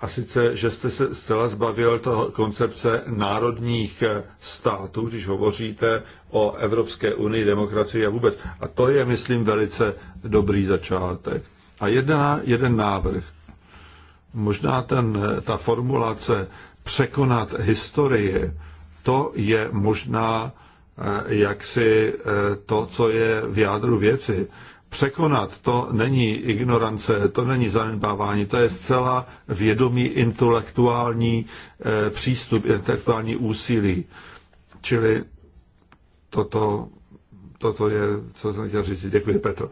Speaker 3: A sice, že jste se zcela zbavil toho koncepce národních států, když hovoříte o Evropské unii, demokracii a vůbec. A to je, myslím, velice dobrý začátek. A jedna, jeden návrh. Možná ten, ta formulace překonat historii, to je možná eh, jaksi eh, to, co je v jádru věci. Překonat to není ignorance, to není zanedbávání, to je zcela vědomý intelektuální eh, přístup, intelektuální úsilí. Čili toto, toto je, co jsem chtěl říct, děkuji Petro.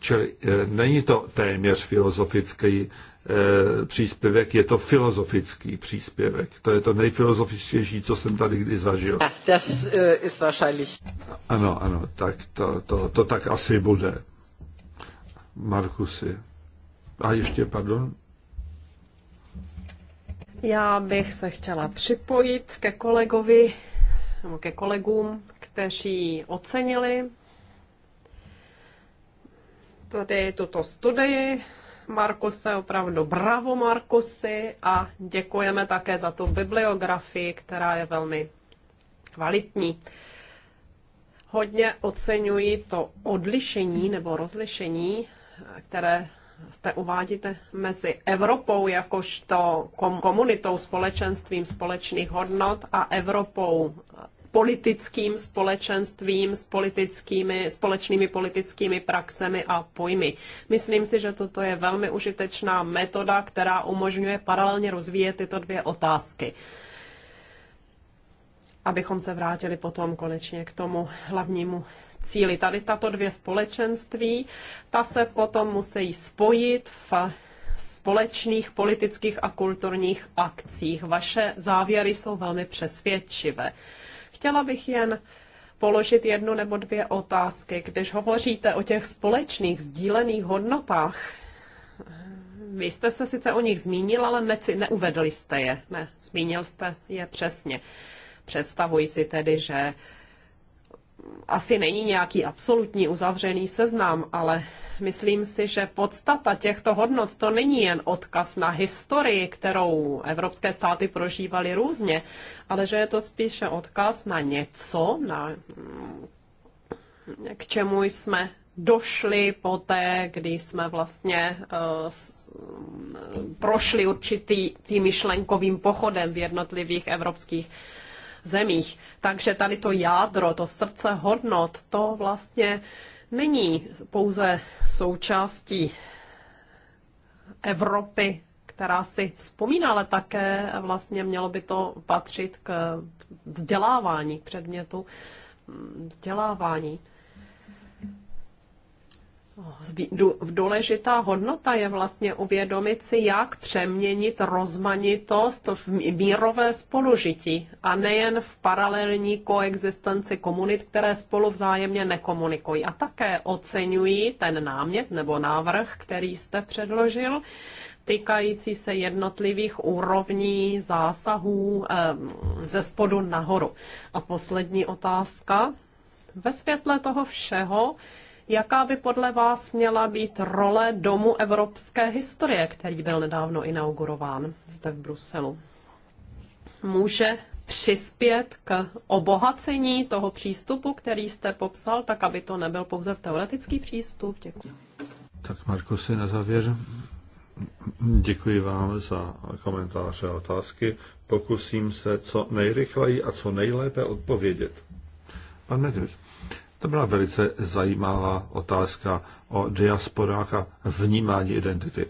Speaker 3: Čili není to téměř filozofický Eh, příspěvek, je to filozofický příspěvek. To je to nejfilozofičtější, co jsem tady kdy zažil.
Speaker 2: Das eh, ist wahrscheinlich.
Speaker 3: Ano, ano, tak to, to, to tak asi bude. Markusy. A ještě, pardon.
Speaker 1: Já bych se chtěla připojit ke kolegovi, nebo ke kolegům, kteří ocenili tady tuto studii Markuse, opravdu bravo Markusy a děkujeme také za tu bibliografii, která je velmi kvalitní. Hodně oceňuji to odlišení nebo rozlišení, které jste uvádíte mezi Evropou jakožto komunitou, společenstvím společných hodnot a Evropou politickým společenstvím, s politickými, společnými politickými praxemi a pojmy. Myslím si, že toto je velmi užitečná metoda, která umožňuje paralelně rozvíjet tyto dvě otázky abychom se vrátili potom konečně k tomu hlavnímu cíli. Tady tato dvě společenství, ta se potom musí spojit v společných politických a kulturních akcích. Vaše závěry jsou velmi přesvědčivé. Chtěla bych jen položit jednu nebo dvě otázky. Když hovoříte o těch společných sdílených hodnotách, vy jste se sice o nich zmínil, ale neci, neuvedli jste je. Ne, zmínil jste je přesně. Představuji si tedy, že asi není nějaký absolutní uzavřený seznam, ale myslím si, že podstata těchto hodnot to není jen odkaz na historii, kterou evropské státy prožívaly různě, ale že je to spíše odkaz na něco, na, k čemu jsme došli poté, kdy jsme vlastně uh, prošli určitý myšlenkovým pochodem v jednotlivých evropských zemích. Takže tady to jádro, to srdce hodnot, to vlastně není pouze součástí Evropy, která si vzpomíná, ale také vlastně mělo by to patřit k vzdělávání, k předmětu mm, vzdělávání důležitá hodnota je vlastně uvědomit si, jak přeměnit rozmanitost v mírové spolužití a nejen v paralelní koexistenci komunit, které spolu vzájemně nekomunikují. A také oceňují ten námět nebo návrh, který jste předložil, týkající se jednotlivých úrovní zásahů ze spodu nahoru. A poslední otázka. Ve světle toho všeho, Jaká by podle vás měla být role Domu evropské historie, který byl nedávno inaugurován zde v Bruselu? Může přispět k obohacení toho přístupu, který jste popsal, tak aby to nebyl pouze teoretický přístup? Děkuji.
Speaker 3: Tak Marko, si na závěr. Děkuji vám za komentáře a otázky. Pokusím se co nejrychleji a co nejlépe odpovědět. Pan Medvěd. To byla velice zajímavá otázka o diasporách a vnímání identity.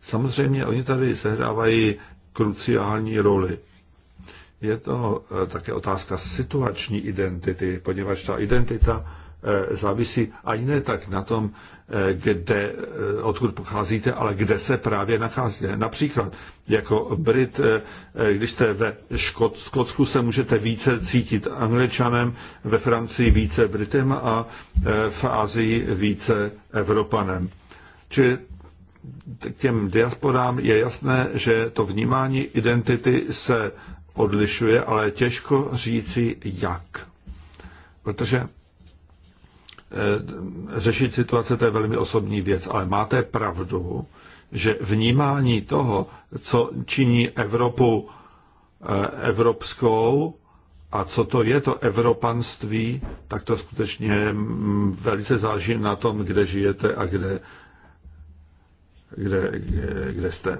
Speaker 3: Samozřejmě oni tady sehrávají kruciální roli. Je to eh, také otázka situační identity, poněvadž ta identita Eh, závisí ani ne tak na tom, eh, kde, eh, odkud pocházíte, ale kde se právě nacházíte. Například jako Brit, když jste ve Škod, Skotsku, se můžete více cítit Angličanem, ve Francii více Britem a v Asii více Evropanem. Či k těm diasporám je jasné, že to vnímání identity se odlišuje, ale těžko říci jak. Protože Eh, řešit situace, to je velmi osobní věc, ale máte pravdu, že vnímání toho, co činí Evropu eh, evropskou a co to je to evropanství, tak to skutečně mm, velice záleží na tom, kde žijete a kde, kde, kde jste.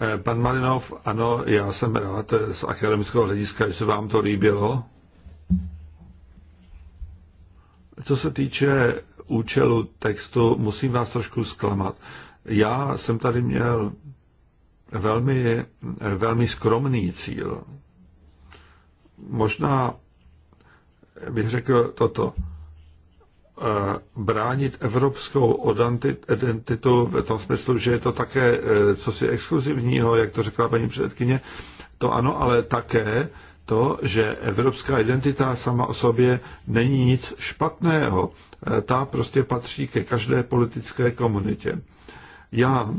Speaker 3: Eh, pan Malinov, ano, já jsem rád z akademického hlediska, že se vám to líbilo. Co se týče účelu textu, musím vás trošku zklamat. Já jsem tady měl velmi, velmi skromný cíl. Možná bych řekl toto. Eh, bránit evropskou identitu v tom smyslu, že je to také eh, cosi exkluzivního, jak to řekla paní předkyně, to ano, ale také to, že evropská identita sama o sobě není nic špatného. E, ta prostě patří ke každé politické komunitě. Já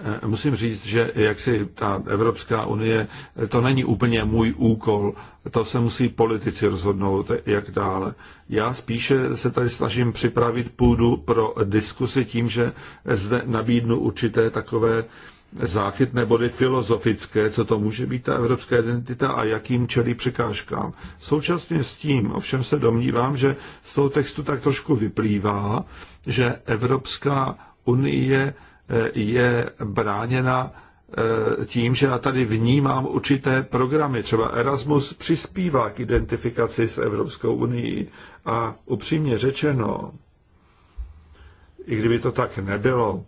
Speaker 3: e, musím říct, že jak si ta Evropská unie, to není úplně můj úkol, to se musí politici rozhodnout, jak dále. Já spíše se tady snažím připravit půdu pro diskusi tím, že zde nabídnu určité takové eh, záchytné body filozofické, co to může být ta evropská identita a jakým čelí překážkám. Současně s tím ovšem se domnívám, že z toho textu tak trošku vyplývá, že Evropská unie eh, je bráněna eh, tím, že já tady vnímám určité programy. Třeba Erasmus přispívá k identifikaci s Evropskou unii a upřímně řečeno, i kdyby to tak nebylo,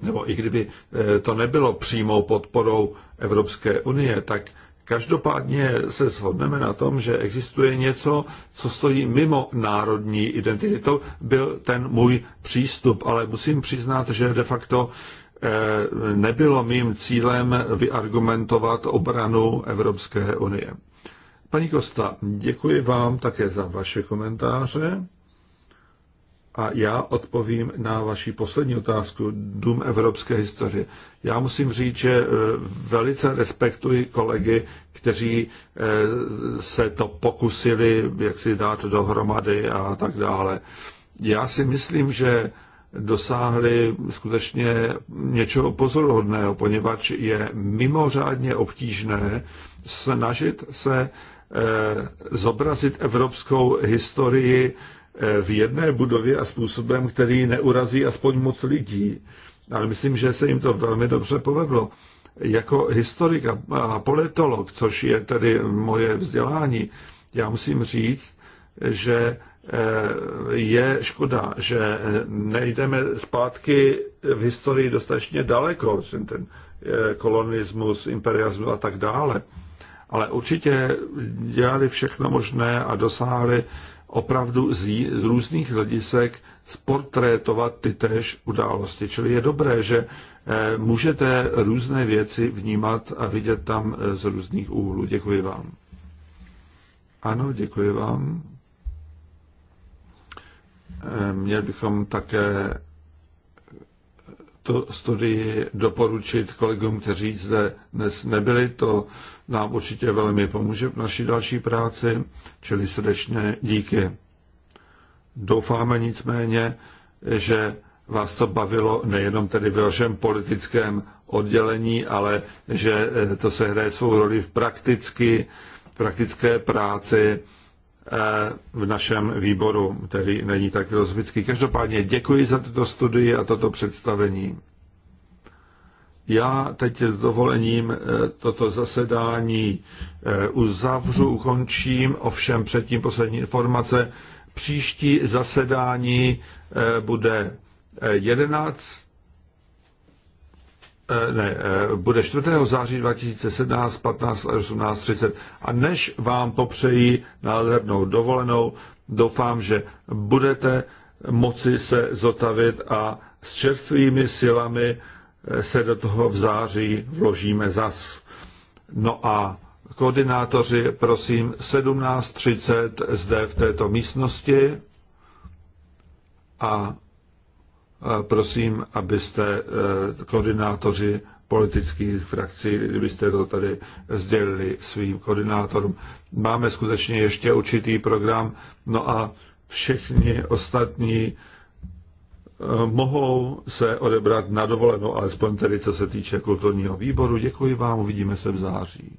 Speaker 3: nebo i kdyby eh, to nebylo přímou podporou Evropské unie, tak každopádně se shodneme na tom, že existuje něco, co stojí mimo národní identity. To byl ten můj přístup, ale musím přiznat, že de facto eh, nebylo mým cílem vyargumentovat obranu Evropské unie. Paní Kosta, děkuji vám také za vaše komentáře. A já odpovím na vaši poslední otázku, Dům evropské historie. Já musím říct, že eh, velice respektuji kolegy, kteří eh, se to pokusili, jak si dát dohromady a tak dále. Já si myslím, že dosáhli skutečně něčeho pozoruhodného, poněvadž je mimořádně obtížné snažit se eh, zobrazit evropskou historii Eh, v jedné budově a způsobem, který neurazí aspoň moc lidí. Ale myslím, že se jim to velmi dobře povedlo. Jako historik a politolog, což je tedy moje vzdělání, já musím říct, že eh, je škoda, že nejdeme zpátky v historii dostatečně daleko, ten eh, kolonismus, imperialismus a tak dále. Ale určitě dělali všechno možné a dosáhli opravdu z, z různých hledisek sportrétovat ty též události. Čili je dobré, že eh, můžete různé věci vnímat a vidět tam eh, z různých úhlů. Děkuji vám. Ano, děkuji vám. Eh, měli bychom také tu studii doporučit kolegům, kteří zde dnes nebyli. To nám určitě velmi pomůže v naší další práci, čili srdečně díky. Doufáme nicméně, že vás to bavilo nejenom tedy ve vašem politickém oddělení, ale že to se hraje svou roli v prakticky, praktické práci Eh, v našem výboru, který není tak rozvický. Každopádně děkuji za tuto studii a toto představení. Já teď s dovolením eh, toto zasedání eh, uzavřu, ukončím, ovšem předtím poslední informace. Příští zasedání bude 11. Eh, ne, eh, bude 4. září 2017, 15 až 30. A než vám popřeji nádhernou dovolenou, doufám, že budete moci se zotavit a s čerstvými silami eh, se do toho v září vložíme zas. No a koordinátoři, prosím, 17.30 zde v této místnosti a prosím, abyste eh, koordinátoři politických frakcí, kdybyste to tady sdělili svým koordinátorům. Máme skutečně ještě určitý program, no a všichni ostatní eh, mohou se odebrat na dovolenou, alespoň tedy co se týče kulturního výboru. Děkuji vám, uvidíme se v září.